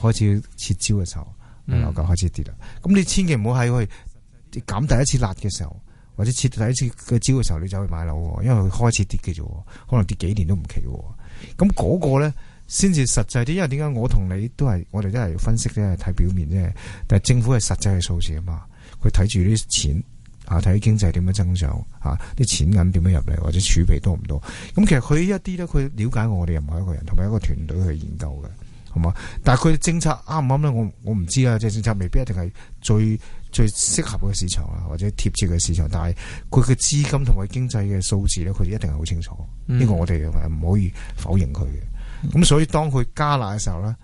開始撤招嘅時候，樓價開始跌啦。咁、嗯、你千祈唔好喺去。減第一次辣嘅時候，或者切第一次嘅招嘅時候，你走去買樓，因為佢開始跌嘅啫，可能跌幾年都唔奇。咁嗰個咧，先至實際啲。因為點解我同你都係，我哋都係分析咧，係睇表面啫。但係政府係實際嘅數字啊嘛，佢睇住啲錢啊，睇經濟點樣增長啊，啲錢銀點樣入嚟，或者儲備多唔多。咁、啊、其實佢一啲咧，佢了解我哋任何一個人，同埋一個團隊去研究嘅，係嘛？但係佢政策啱唔啱咧？我我唔知啊，即係政策未必一定係最。最適合嘅市場啊，或者貼切嘅市場，但係佢嘅資金同佢經濟嘅數字咧，佢哋一定係好清楚，呢個、嗯、我哋唔可以否認佢嘅。咁、嗯、所以當佢加拿嘅時候咧，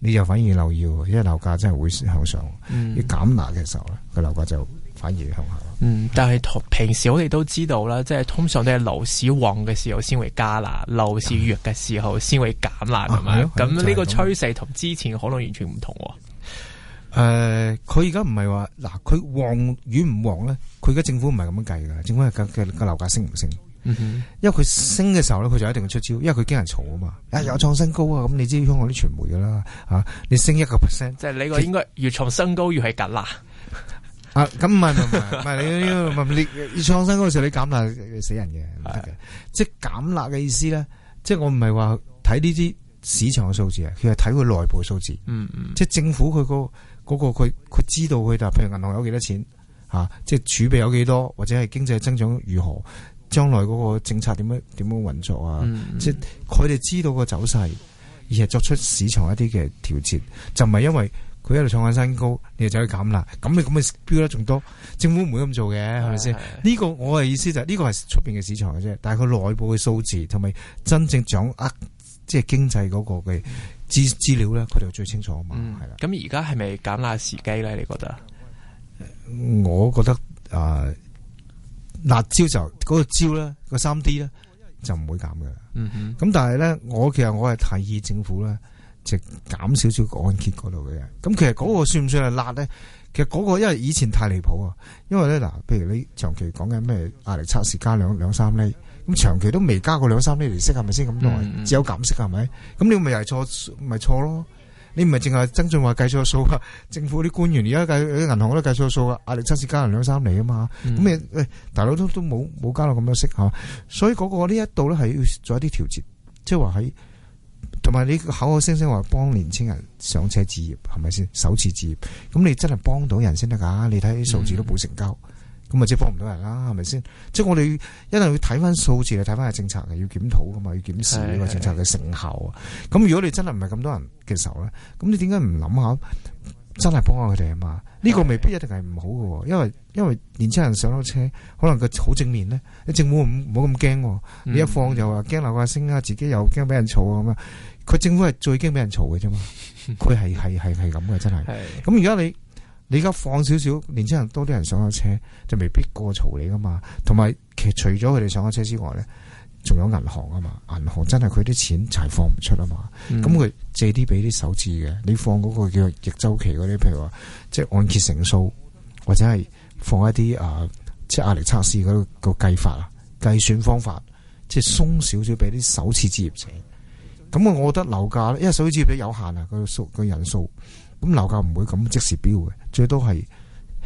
你就反而留意，因為樓價真係會向上；嗯、要減拿嘅時候咧，個樓價就反而向下。嗯，但係平時我哋都知道啦，即係通常都係樓市旺嘅時候先會加拿，樓市弱嘅時候先會減拿，係咪、啊？咁呢吧、啊、個趨勢同之前可能完全唔同。誒，佢而家唔係話嗱，佢旺與唔旺咧？佢而家政府唔係咁樣計噶，政府係計嘅個樓價升唔升？因為佢升嘅時候咧，佢就一定要出招，因為佢驚人嘈啊嘛。啊有創新高啊，咁你知香港啲傳媒噶啦吓、啊，你升一個 percent，即係你個應該越創新高越係緊啦。啊，咁唔係唔係你要創新高嘅時候你減辣死人嘅，唔得嘅。即係減辣嘅意思咧，即係我唔係話睇呢啲市場嘅數字啊，佢係睇佢內部嘅數字。即係、嗯嗯、政府佢個。嗰個佢佢知道佢就譬如銀行有幾多錢嚇、啊，即係儲備有幾多，或者係經濟增長如何，將來嗰個政策點樣點樣運作啊。嗯、即係佢哋知道個走勢，而係作出市場一啲嘅調節，嗯、就唔係因為佢喺度創緊新高，你就去減啦。咁你咁嘅飆得仲多，政府唔會咁做嘅，係咪先？呢吧個我嘅意思就係、是、呢、這個係出邊嘅市場嘅啫，但係佢內部嘅數字同埋真正掌握即係經濟嗰個嘅。嗯資資料咧，佢哋最清楚嘛，係啦、嗯。咁而家係咪減辣時機咧？你覺得？我覺得啊、呃，辣椒就嗰個椒咧，個三 D 咧就唔會減嘅。嗯哼。咁但係咧，我其實我係提議政府咧，即係減少少個按揭嗰度嘅。咁其實嗰個算唔算係辣咧？其實嗰個因為以前太離譜啊。因為咧嗱，譬如你長期講緊咩壓力測試加兩兩三厘。咁長期都未加過兩三厘利息係咪先？咁耐，只有減息係咪？咁、嗯嗯、你咪又係錯，咪錯咯？你唔係淨係曾俊華計錯數，政府啲官員而家計，銀行我都計錯數，壓力測試加人兩三厘啊嘛。咁誒、嗯嗯哎，大佬都都冇冇加到咁多息係嘛？所以嗰、嗰個呢一度咧係要做一啲調節，即係話喺同埋你口口聲聲話幫年青人上車置業係咪先？首次置業，咁你真係幫到人先得㗎？你睇數字都冇成交。嗯嗯。咁咪即係幫唔到人啦，係咪先？即係我哋一定要睇翻數字，嚟睇翻個政策，嚟要檢討噶嘛，要檢視呢個政策嘅成效啊！咁是是 如果你真係唔係咁多人嘅時候咧，咁你點解唔諗下真係幫下佢哋啊嘛？呢、這個未必一定係唔好噶，因為因為年青人上咗車，可能個好正面咧，你政府唔好咁驚，你一放就話驚樓價升啊，自己又驚俾人嘈啊咁啊！佢政府係最驚俾人嘈嘅啫嘛，佢係係係係咁嘅，真係。咁而家你。你而家放少少，年輕人多啲人上咗車，就未必過濫你㗎嘛。同埋，其實除咗佢哋上咗車之外咧，仲有銀行啊嘛。銀行真係佢啲錢就係放唔出啊嘛。咁佢、嗯、借啲俾啲首次嘅，你放嗰個叫逆周期嗰啲，譬如話即係按揭成數，或者係放一啲啊、呃，即係壓力測試嗰、嗰個計法啊，計算方法，即係鬆少少俾啲首次置業者。咁、嗯、我覺得樓價咧，因為首次置業者有限啊，個數個人數。咁樓價唔會咁即時飆嘅，最多係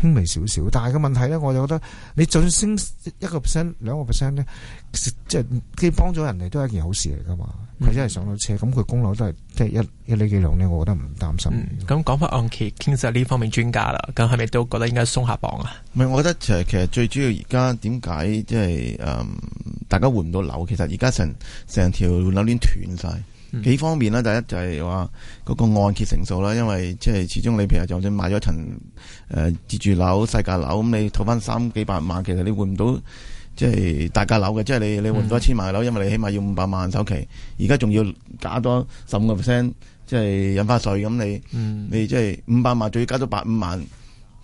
輕微少少。但係個問題咧，我就覺得你就算升一個 percent、兩個 percent 咧，即係既幫咗人哋都係一件好事嚟噶嘛。佢、嗯、真係上到車，咁佢供樓都係即係一厘幾兩厘，我覺得唔擔心。咁講翻按揭經濟呢方面專家啦，咁係咪都覺得應該鬆下綁啊？唔係、嗯，我覺得其實其實最主要而家點解即係誒，大家換唔到樓，其實而家成成條樓鏈斷晒。嗯、幾方面啦、啊，第一就係話嗰個按揭成數啦，因為即係始終你譬如就算買咗層誒自住樓、細價樓，咁你套翻三幾百萬，其實你換唔到即係、就是、大價樓嘅，即、就、係、是、你你換到一千萬樓，因為你起碼要五百萬首期，而家仲要加多十五個 percent 即係印花稅，咁、就是、你、嗯、你即係五百萬，仲要加多百五萬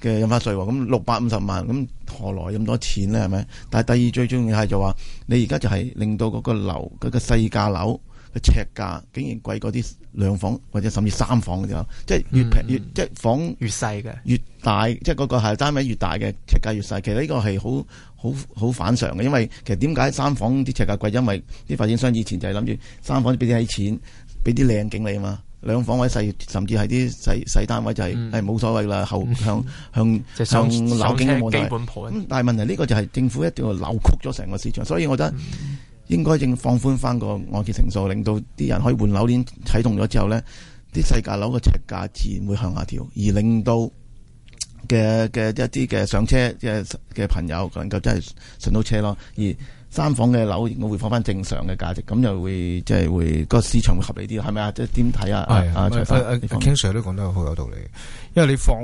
嘅印花稅，咁六百五十萬，咁何來咁多錢咧？係咪？但係第二最重要係就話，你而家就係令到嗰個樓嗰、那個細價樓。個尺價竟然貴過啲兩房或者甚至三房嘅就，即係越平、嗯、越即係房越細嘅，越大即係嗰個係單位越大嘅，尺價越細。其實呢個係好好好反常嘅，因為其實點解三房啲尺價貴？因為啲發展商以前就係諗住三房俾啲錢，俾啲靚景你啊嘛。兩房位細，甚至係啲細細單位就係誒冇所謂啦。後向向、嗯、向樓景都冇但係本問題，呢個就係政府一定要扭曲咗成個市場，所以我覺得、嗯。應該正放寬翻個按揭成數，令到啲人可以換樓鏈啟動咗之後咧，啲細價樓嘅尺價自然會向下調，而令到嘅嘅一啲嘅上車嘅嘅朋友能夠真係上到車咯。而三房嘅樓我會放翻正常嘅價值，咁又會即係、即係、會、個市場會合理啲，係咪、即係、啊？即係點睇啊？係啊，蔡生，King Sir 都講得好有道理，因為你放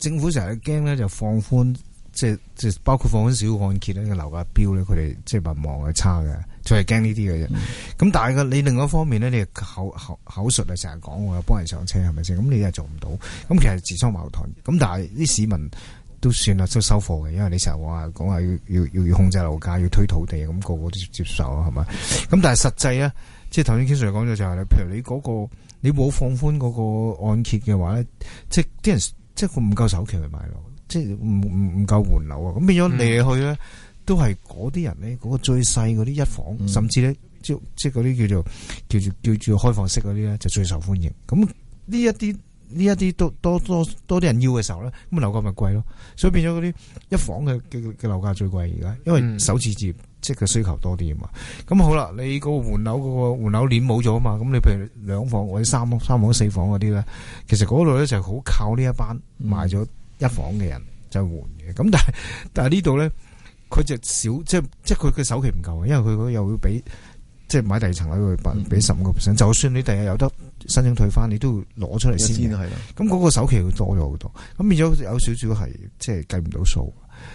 政府成日驚咧就放寬寬。即係即係包括放寬小按揭咧個樓價標咧，佢哋即係民望係差嘅，就係驚呢啲嘅啫。咁、嗯、但係嘅你另外一方面咧，你口口口述啊，成日講我幫人上車係咪先？咁你又做唔到。咁其實自相矛盾。咁但係啲市民都算啦，即收貨嘅，因為你成日話講話要要要要控制樓價，嗯、要推土地，咁個個都接受啊，係咪？咁、嗯、但係實際啊，即係頭先 King Sir 講咗就係、是、咧，譬如你嗰、那個你冇放寬嗰個按揭嘅話咧，即係啲人即係佢唔夠首期去買樓。即係唔唔唔夠換樓啊！咁變咗嚟去咧，都係嗰啲人咧，嗰個最細嗰啲一房，甚至咧即即嗰啲叫做叫做叫做開放式嗰啲咧，就最受歡迎。咁呢一啲呢一啲多多多多啲人要嘅時候咧，咁樓價咪貴咯。所以變咗嗰啲一房嘅嘅嘅樓價最貴而家，因為首次置業即係個需求多啲啊嘛。咁好啦，你個換樓嗰個換樓鏈冇咗啊嘛。咁你譬如兩房或者三房，三房四房嗰啲咧，其實嗰度咧就好靠呢一班賣咗。一房嘅人就換嘅，咁但係但係呢度咧，佢就少，即係即係佢嘅首期唔夠，因為佢又會俾即係買第二層嗰個樓，俾十五個 percent。嗯、就算你第日有得申請退翻，你都要攞出嚟先嘅。咁嗰、啊、個首期會多咗好多，咁變咗有少少係即係計唔到數。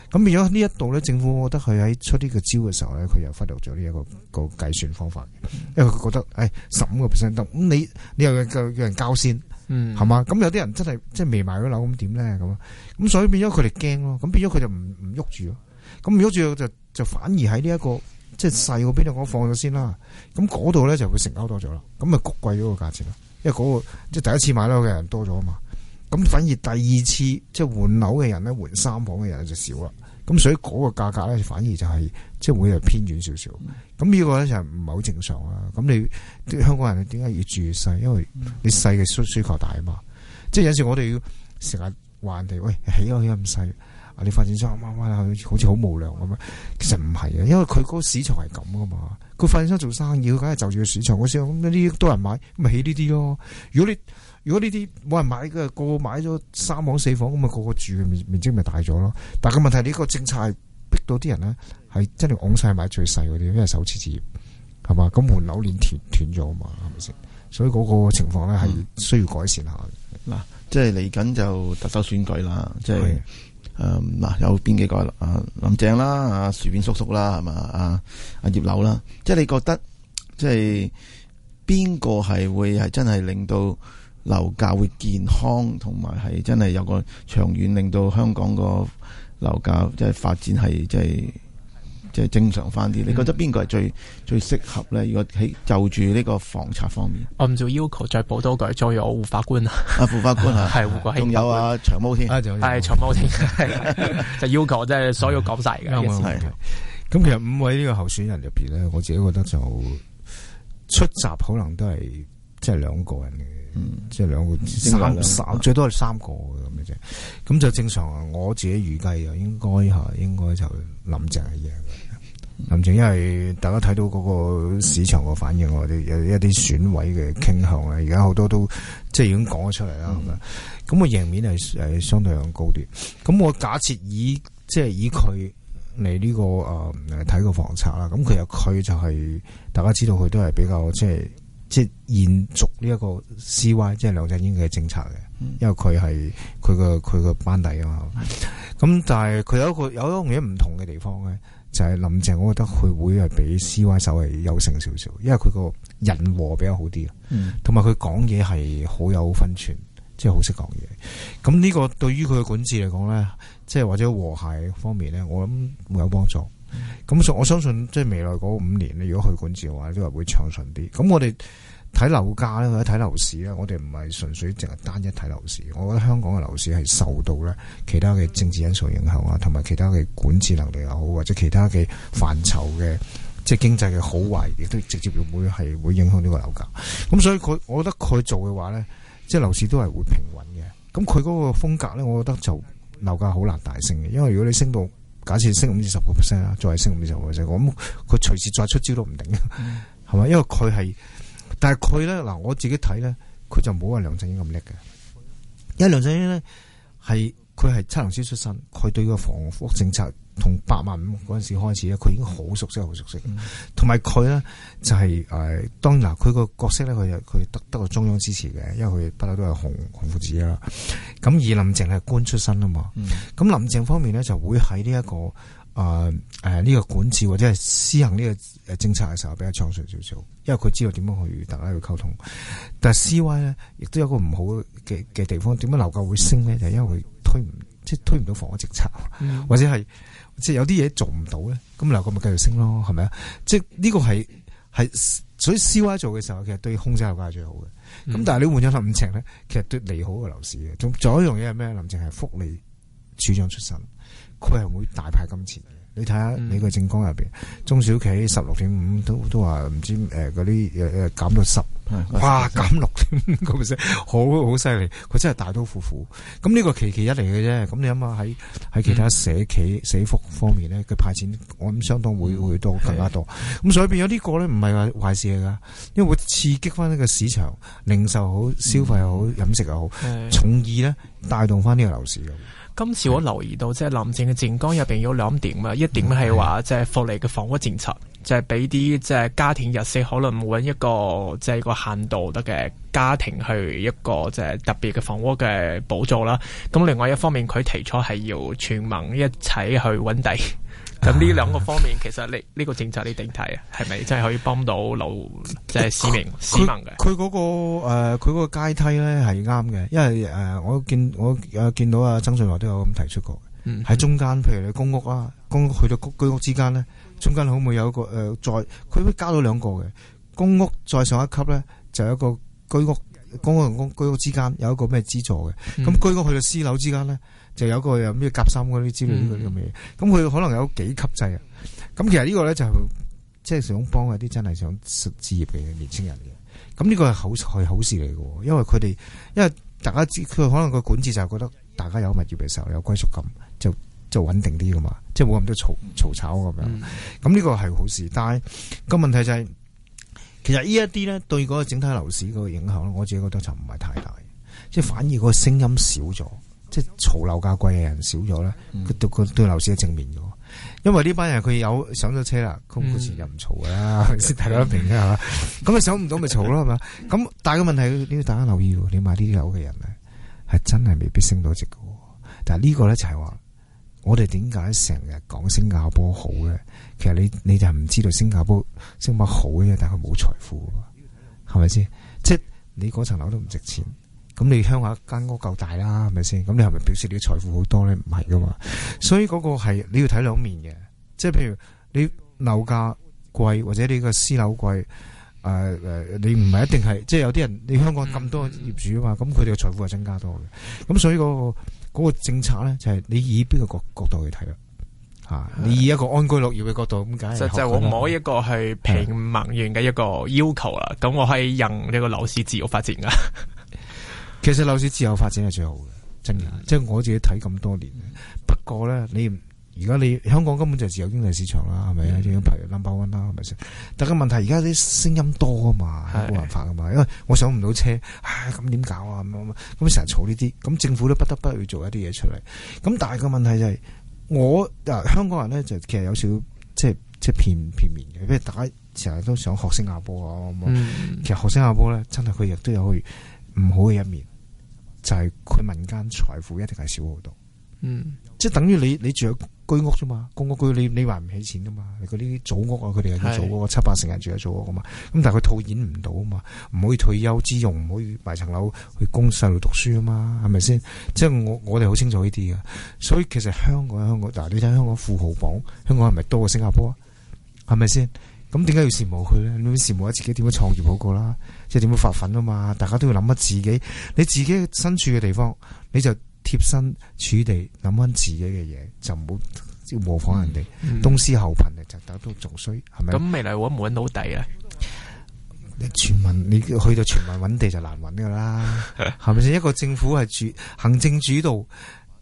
咁變咗呢一度咧，政府我覺得佢喺出呢個招嘅時候咧，佢又忽略咗呢一個個計算方法嘅，因為佢覺得誒十五個 percent 得，咁、哎、你你又要叫人交先。.嗯，係嘛、嗯？咁有啲人真係即係未買咗樓，咁點咧？咁啊？咁所以變咗佢哋驚咯，咁變咗佢就唔唔喐住咯。咁唔喐住就就反而喺呢一個即係細邊度我放咗先啦。咁嗰度咧就會成交多咗啦。咁啊焗貴咗個價錢咯，因為嗰、嗰個即係第一次買樓嘅人多咗啊嘛。咁反而第二次即係換樓嘅人咧，換三房嘅人就少啦。咁所以嗰個價格咧，反而就係，即係會係偏遠少少。咁呢個咧就係唔係好正常啦。咁你啲香港人點解越住越細？因為你細嘅需需求大啊嘛。即係有時我哋成日話人哋，喂，起開起咁細啊，你發展商啊，好似好似好無良咁樣。其實唔係啊，因為佢嗰個市場係咁啊嘛。佢發展商做生意，佢梗係就住個市場嗰時候，咁，呢多人買咪起呢啲咯。如果你如果呢啲冇人買嘅，個個買咗三房四房，咁啊個個住嘅面面積咪大咗咯？但個問題，呢個政策係逼到啲人咧，係真係㧬晒買最細嗰啲，因為首次置業係嘛？咁換樓鏈斷斷咗啊嘛，係咪先？所以嗰個情況咧係需要改善下。嗱、嗯，即係嚟緊就特首選舉啦，即係誒嗱，有邊幾個啊？林鄭啦，啊薯片叔叔啦，係嘛？啊啊葉劉啦，即係你覺得即係邊個係會係真係令到？樓價會健康，同埋係真係有個長遠，令到香港個樓價即係、就是、發展係即係即係正常翻啲。你覺得邊個係最最適合咧？如果喺就住呢個房策方面，我唔做要求，再補多句，再有胡法官啊，胡法官啊，係 胡國興仲有啊，長毛添，係、啊、長毛添，嗯、 就要求即係所有講晒嘅。咁、嗯嗯、是其實五位呢個候選人入邊咧，我自己覺得就 出閘可能都係即係兩個人嘅。即係兩個三三最多係三個嘅咁嘅啫，咁就正常啊！我自己預計啊，應該吓應該就林鄭係贏嘅。林鄭因為大家睇到嗰個市場個反應，我哋有一啲選委嘅傾向啊。而家好多都即係已經講咗出嚟啦，係咪、嗯？咁我贏面係誒相對上高啲。咁我假設以即係以佢嚟呢個誒睇個房策啦，咁佢有佢就係、是、大家知道佢都係比較即係。即係延續呢一個 C Y，即係梁振英嘅政策嘅，因為佢係佢個佢個班底啊嘛。咁但係佢有一個有一樣嘢唔同嘅地方咧，就係、是、林鄭，我覺得佢會係比 C Y 稍微優勝少少，因為佢個人和比較好啲，同埋佢講嘢係好有分寸，即係好識講嘢。咁呢個對於佢嘅管治嚟講咧，即係或者和諧方面咧，我諗會有幫助。咁所我相信，即係未來嗰五年咧，如果去管治嘅話，都係會暢順啲。咁我哋睇樓價咧，或者睇樓市咧，我哋唔係純粹淨係單一睇樓市。我覺得香港嘅樓市係受到咧其他嘅政治因素影響啊，同埋其他嘅管治能力又好，或者其他嘅範疇嘅即係經濟嘅好壞，亦都直接會係會影響呢個樓價。咁所以佢，我覺得佢做嘅話咧，即係樓市都係會平穩嘅。咁佢嗰個風格咧，我覺得就樓價好難大升嘅，因為如果你升到。假設升五至十個 percent 啦，再升五至十個 percent，咁佢隨時再出招都唔定嘅，係嘛？因為佢係，但係佢咧嗱，我自己睇咧，佢就冇阿梁振英咁叻嘅，因為梁振英咧係。佢係測量師出身，佢對個房屋政策同八萬五嗰陣時開始咧，佢已經好熟悉，好熟悉。同埋佢咧就係、是、誒、呃，當然嗱，佢個角色咧，佢佢得得到中央支持嘅，因為佢不嬲都係紅紅褲子啦。咁而林鄭係官出身啊嘛，咁、嗯、林鄭方面咧就會喺呢一個誒誒呢個管治或者係施行呢個誒政策嘅時候比較暢順少少，因為佢知道點樣去同大家去溝通。但係 C Y 咧亦都有個唔好嘅嘅地方，點解樓價會升咧？就是、因為。推唔即係推唔到房屋政策，或者係即係有啲嘢做唔到咧，咁樓咁咪繼續升咯，係咪啊？即係呢個係係所以 CY 做嘅時候，其實對控制樓價係最好嘅。咁但係你換咗林鄭咧，其實對利好嘅樓市嘅。仲仲有一樣嘢係咩？林鄭係福利處長出身，佢係會大派金錢。你睇下呢個政綱入邊，中小企十六點五都都話唔知誒嗰啲誒減到十，哇減六點五咁死，好好犀利，佢真係大刀闊斧。咁呢個期期一嚟嘅啫，咁你諗下喺喺其他社企社福方面咧，佢派錢，我諗相當會會多更加多。咁所以變咗呢個咧唔係話壞事嚟噶，因為會刺激翻呢個市場，零售好，消費又好，飲食又好，從而咧帶動翻呢個樓市。今次我留意到，即係是林鄭嘅政綱入邊有兩點啊。是一點係話即係福利嘅房屋政策，即係俾啲即係家庭入息，可能搵一個即係、就是、一個限度得嘅家庭去一個即係、就是、特別嘅房屋嘅補助啦。咁另外一方面，佢提出係要全民一齊去搵地。咁呢兩個方面，其實呢呢、這個政策你點睇啊？係咪真係可以幫到老即係、就是、市民它市民嘅？佢嗰、那個誒，佢、呃、個階梯咧係啱嘅，因為誒、呃，我見我見到啊，曾俊華都有咁提出過，喺、嗯、哼中間，譬如你公屋啦、啊，公屋去到居屋之間咧，中間可唔可以有一個誒，再佢會加咗兩個嘅公屋再上一級咧，就有一個居屋，公屋同公居屋之間有一個咩資助嘅，咁、嗯、居屋去到私樓之間咧。就有個有咩夾心嗰啲之類呢啲咁嘅嘢，咁佢、嗯、可能有幾級制啊。咁其實呢個咧就即、是、係、就是、想幫下啲真係想置業嘅年輕人嘅。咁呢個係好係好事嚟嘅，因為佢哋因為大家知，佢可能個管制就係覺得大家有物業嘅時候有歸屬感，就就穩定啲噶嘛，即係冇咁多嘈嘈吵咁樣。咁呢、嗯、個係好事，但係個問題就係、是、其實呢一啲咧對嗰個整體樓市個影響，我自己覺得就唔係太大，即係反而個聲音少咗。即係炒樓價貴嘅人少咗啦，佢對個樓市係正面嘅，因為呢班人佢有上咗車啦，咁股市又唔嘈炒啦，先太、嗯、平嘅係嘛，咁啊上唔到咪嘈咯係嘛，咁但係個問題你要大家留意，你買呢啲樓嘅人咧係真係未必升到值嘅，但係呢個咧就係話我哋點解成日講新加坡好咧？其實你你就唔知道新加坡，乜好嘅，但係佢冇財富嘅，係咪先？即係你嗰層樓都唔值錢。咁你鄉下間屋夠大啦，係咪先？咁你係咪表示你嘅財富好多咧？唔係噶嘛，所以嗰個係你要睇兩面嘅，即係譬如你樓價貴或者你個私樓貴，誒、呃、誒，你唔係一定係，即係有啲人你香港咁多業主啊嘛，咁佢哋嘅財富係增加多嘅。咁所以嗰、那個、那個政策咧就係、是、你以邊個角角度去睇啦，吓的、啊、你以一個安居樂業嘅角度咁解。實就我唔可一個去平民怨嘅一個要求啦，咁的我可以任呢個樓市自由發展噶。 其實樓市自由發展係最好嘅，真嘅。是即係我自己睇咁多年，不過咧，你而家你香港根本就係自由經濟市場啦，係咪啊？啲人排 number one 啦，係咪先？但個問題，而家啲聲音多啊嘛，冇辦法噶嘛。因為我上唔到車，唉，咁點搞啊？咁咁，咁成日嘈呢啲，咁政府都不得不去做一啲嘢出嚟。咁但係個問題就係，我嗱香港人咧就其實有少即係即係偏片面嘅，譬如大家成日都想學新加坡啊。其實學新加坡咧，真係佢亦都有去。唔好嘅一面就係、是、佢民間財富一定係少好多，嗯，即係等於你你住喺居屋啫嘛，公屋居你你還唔起錢噶嘛，你嗰啲祖屋啊，佢哋係住祖屋，七八成人住喺祖屋噶嘛，咁但係佢套現唔到啊嘛，唔可以退休之用，唔可以埋層樓去供細路讀書啊嘛，係咪先？嗯、即係我我哋好清楚呢啲嘅，所以其實香港香港嗱，你睇香港富豪榜，香港係咪多過新加坡啊？係咪先？咁點解要羨慕佢咧？你羨慕下自己點樣創業好過啦，即係點樣發奮啊嘛？大家都要諗下自己，你自己身處嘅地方，你就貼身處地諗翻自己嘅嘢，就唔好模仿人哋，嗯嗯，東施效顰嚟，就等都仲衰，係咪，嗯？咁未來搵唔搵到底啊？你全民你去到全民搵地就難搵噶啦，係咪先？吧一個政府係主行政主導。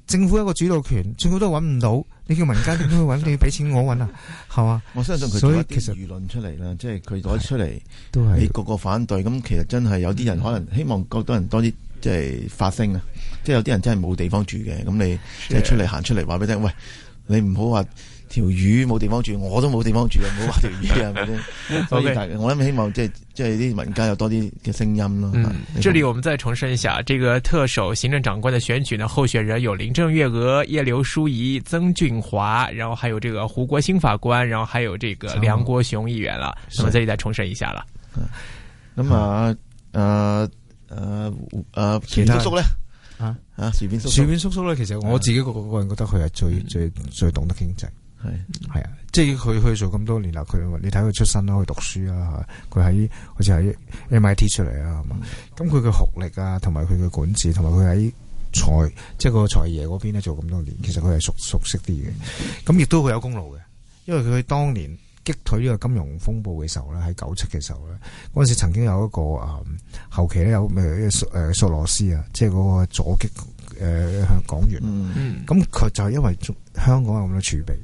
政府一個主導權，政府都揾唔到，你叫民間點樣去揾？你要俾錢我揾啊，係嘛 吧？我相信佢其實輿論出嚟啦，即係佢攞出嚟，都你個個反對，咁其實真係有啲人可能希望更多人多啲即係發聲啊！即係 有啲人真係冇地方住嘅，咁你即係出嚟行出嚟話俾你聽，喂，你唔好話。條魚冇地方住，我都冇地方住啊！唔好話條魚係咪先？所以，我諗希望即係即係啲民間有多啲嘅聲音咯。這裏我們再重申一下，這個特首行政長官嘅選舉呢，候選人有林鄭月娥、葉劉淑儀、曾俊華，然後還有這個胡國興法官，然後還有這個梁國雄議員啦。我們這裏再重申一下啦。咁啊，誒誒誒，薯片叔叔咧，啊啊，薯片叔，薯片叔叔咧，其實我自己個個人覺得佢係最最最懂得經濟。係，啊，即係佢去做咁多年啦。佢，你睇佢出身啦，佢讀書啦吓，佢喺好似喺 MIT 出嚟啊，係嘛？咁佢嘅學歷啊，同埋佢嘅管治，同埋佢喺財即係個財爺嗰邊咧做咁多年，其實佢係熟熟悉啲嘅。咁亦都會有功勞嘅，因為佢當年擊退呢個金融風暴嘅時候咧，喺九七嘅時候咧，嗰陣時曾經有一個啊、嗯、後期咧有誒、呃、索羅、呃、斯啊，即係嗰個阻擊誒、呃、港元。咁佢、嗯、就係因為香港有咁多儲備。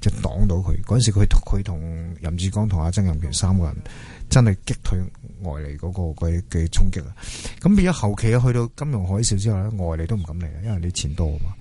就擋到佢嗰陣時，佢佢同任志剛同阿曾蔭權三個人真係擊退外嚟嗰、嗰個嘅佢、嗰個、衝擊啦。咁變咗後期去到金融海嘯之後咧，外嚟都唔敢嚟啦，因為你錢多啊嘛。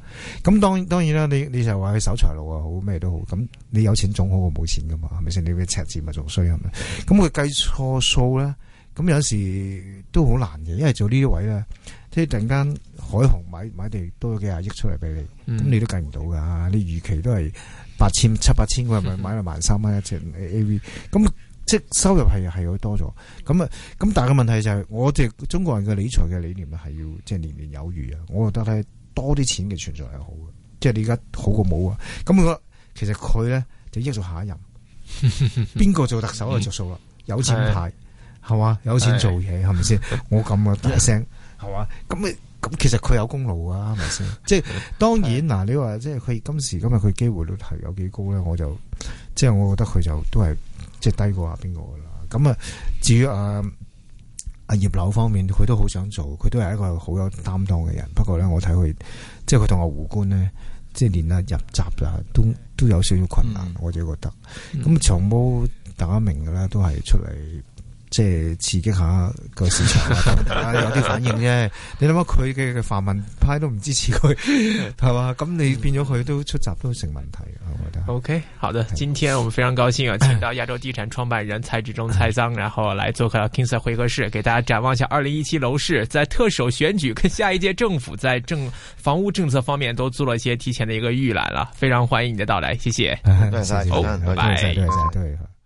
咁當然當然啦，你你就話去守財路啊，好咩都好。咁你有錢總好過冇錢噶嘛，係咪先？你俾赤字咪仲衰係咪？咁佢計錯數咧。咁、嗯、有時都好難嘅，因為做呢啲位咧，即係突然間海航買買地多咗幾廿億出嚟俾你，咁你都計唔到㗎。你預期都係八千七八千，佢咪買到萬三蚊一隻 A V？咁即係收入係係好多咗。咁啊，咁但係個問題就係、是，我哋中國人嘅理財嘅理念係要即係年年有餘啊！我覺得咧，多啲錢嘅存在係好嘅，即、就、係、是、你而家好過冇啊。咁我覺得其實佢咧就益咗下一任，邊個做特首就着數啦，嗯、有錢派。係嘛，有錢做嘢係咪先？是是 我咁啊，大聲係嘛咁啊，咁其實佢有功勞啊，係咪先？即係當然嗱，你話即係佢今時今日佢機會率係有幾高咧？我就即係我覺得佢就都係即係低過阿邊個噶啦。咁啊，至於啊，阿葉劉方面，佢都好想做，佢都係一個好有擔當嘅人。不過咧，我睇佢即係佢同阿胡官咧，即係連啊入閘啊，都都有少少困難。嗯、我自己覺得咁長毛大家明噶啦，都係出嚟。即係刺激下個市場，大家有啲反應啫。你諗下佢嘅泛民派都唔支持佢，係嘛？咁你變咗佢都出閘都成問題。我覺得。O、okay, K，好的，是今天我們非常高興啊，請到亞洲地產創辦人蔡志忠、蔡桑，然後來做客 King Sir 會客室，給大家展望一下二零一七樓市。在特首選舉跟下一屆政府在政房屋政策方面都做了一些提前的一個預覽啦。非常歡迎你的到來，謝謝。好。再見，再見，拜拜。Oh,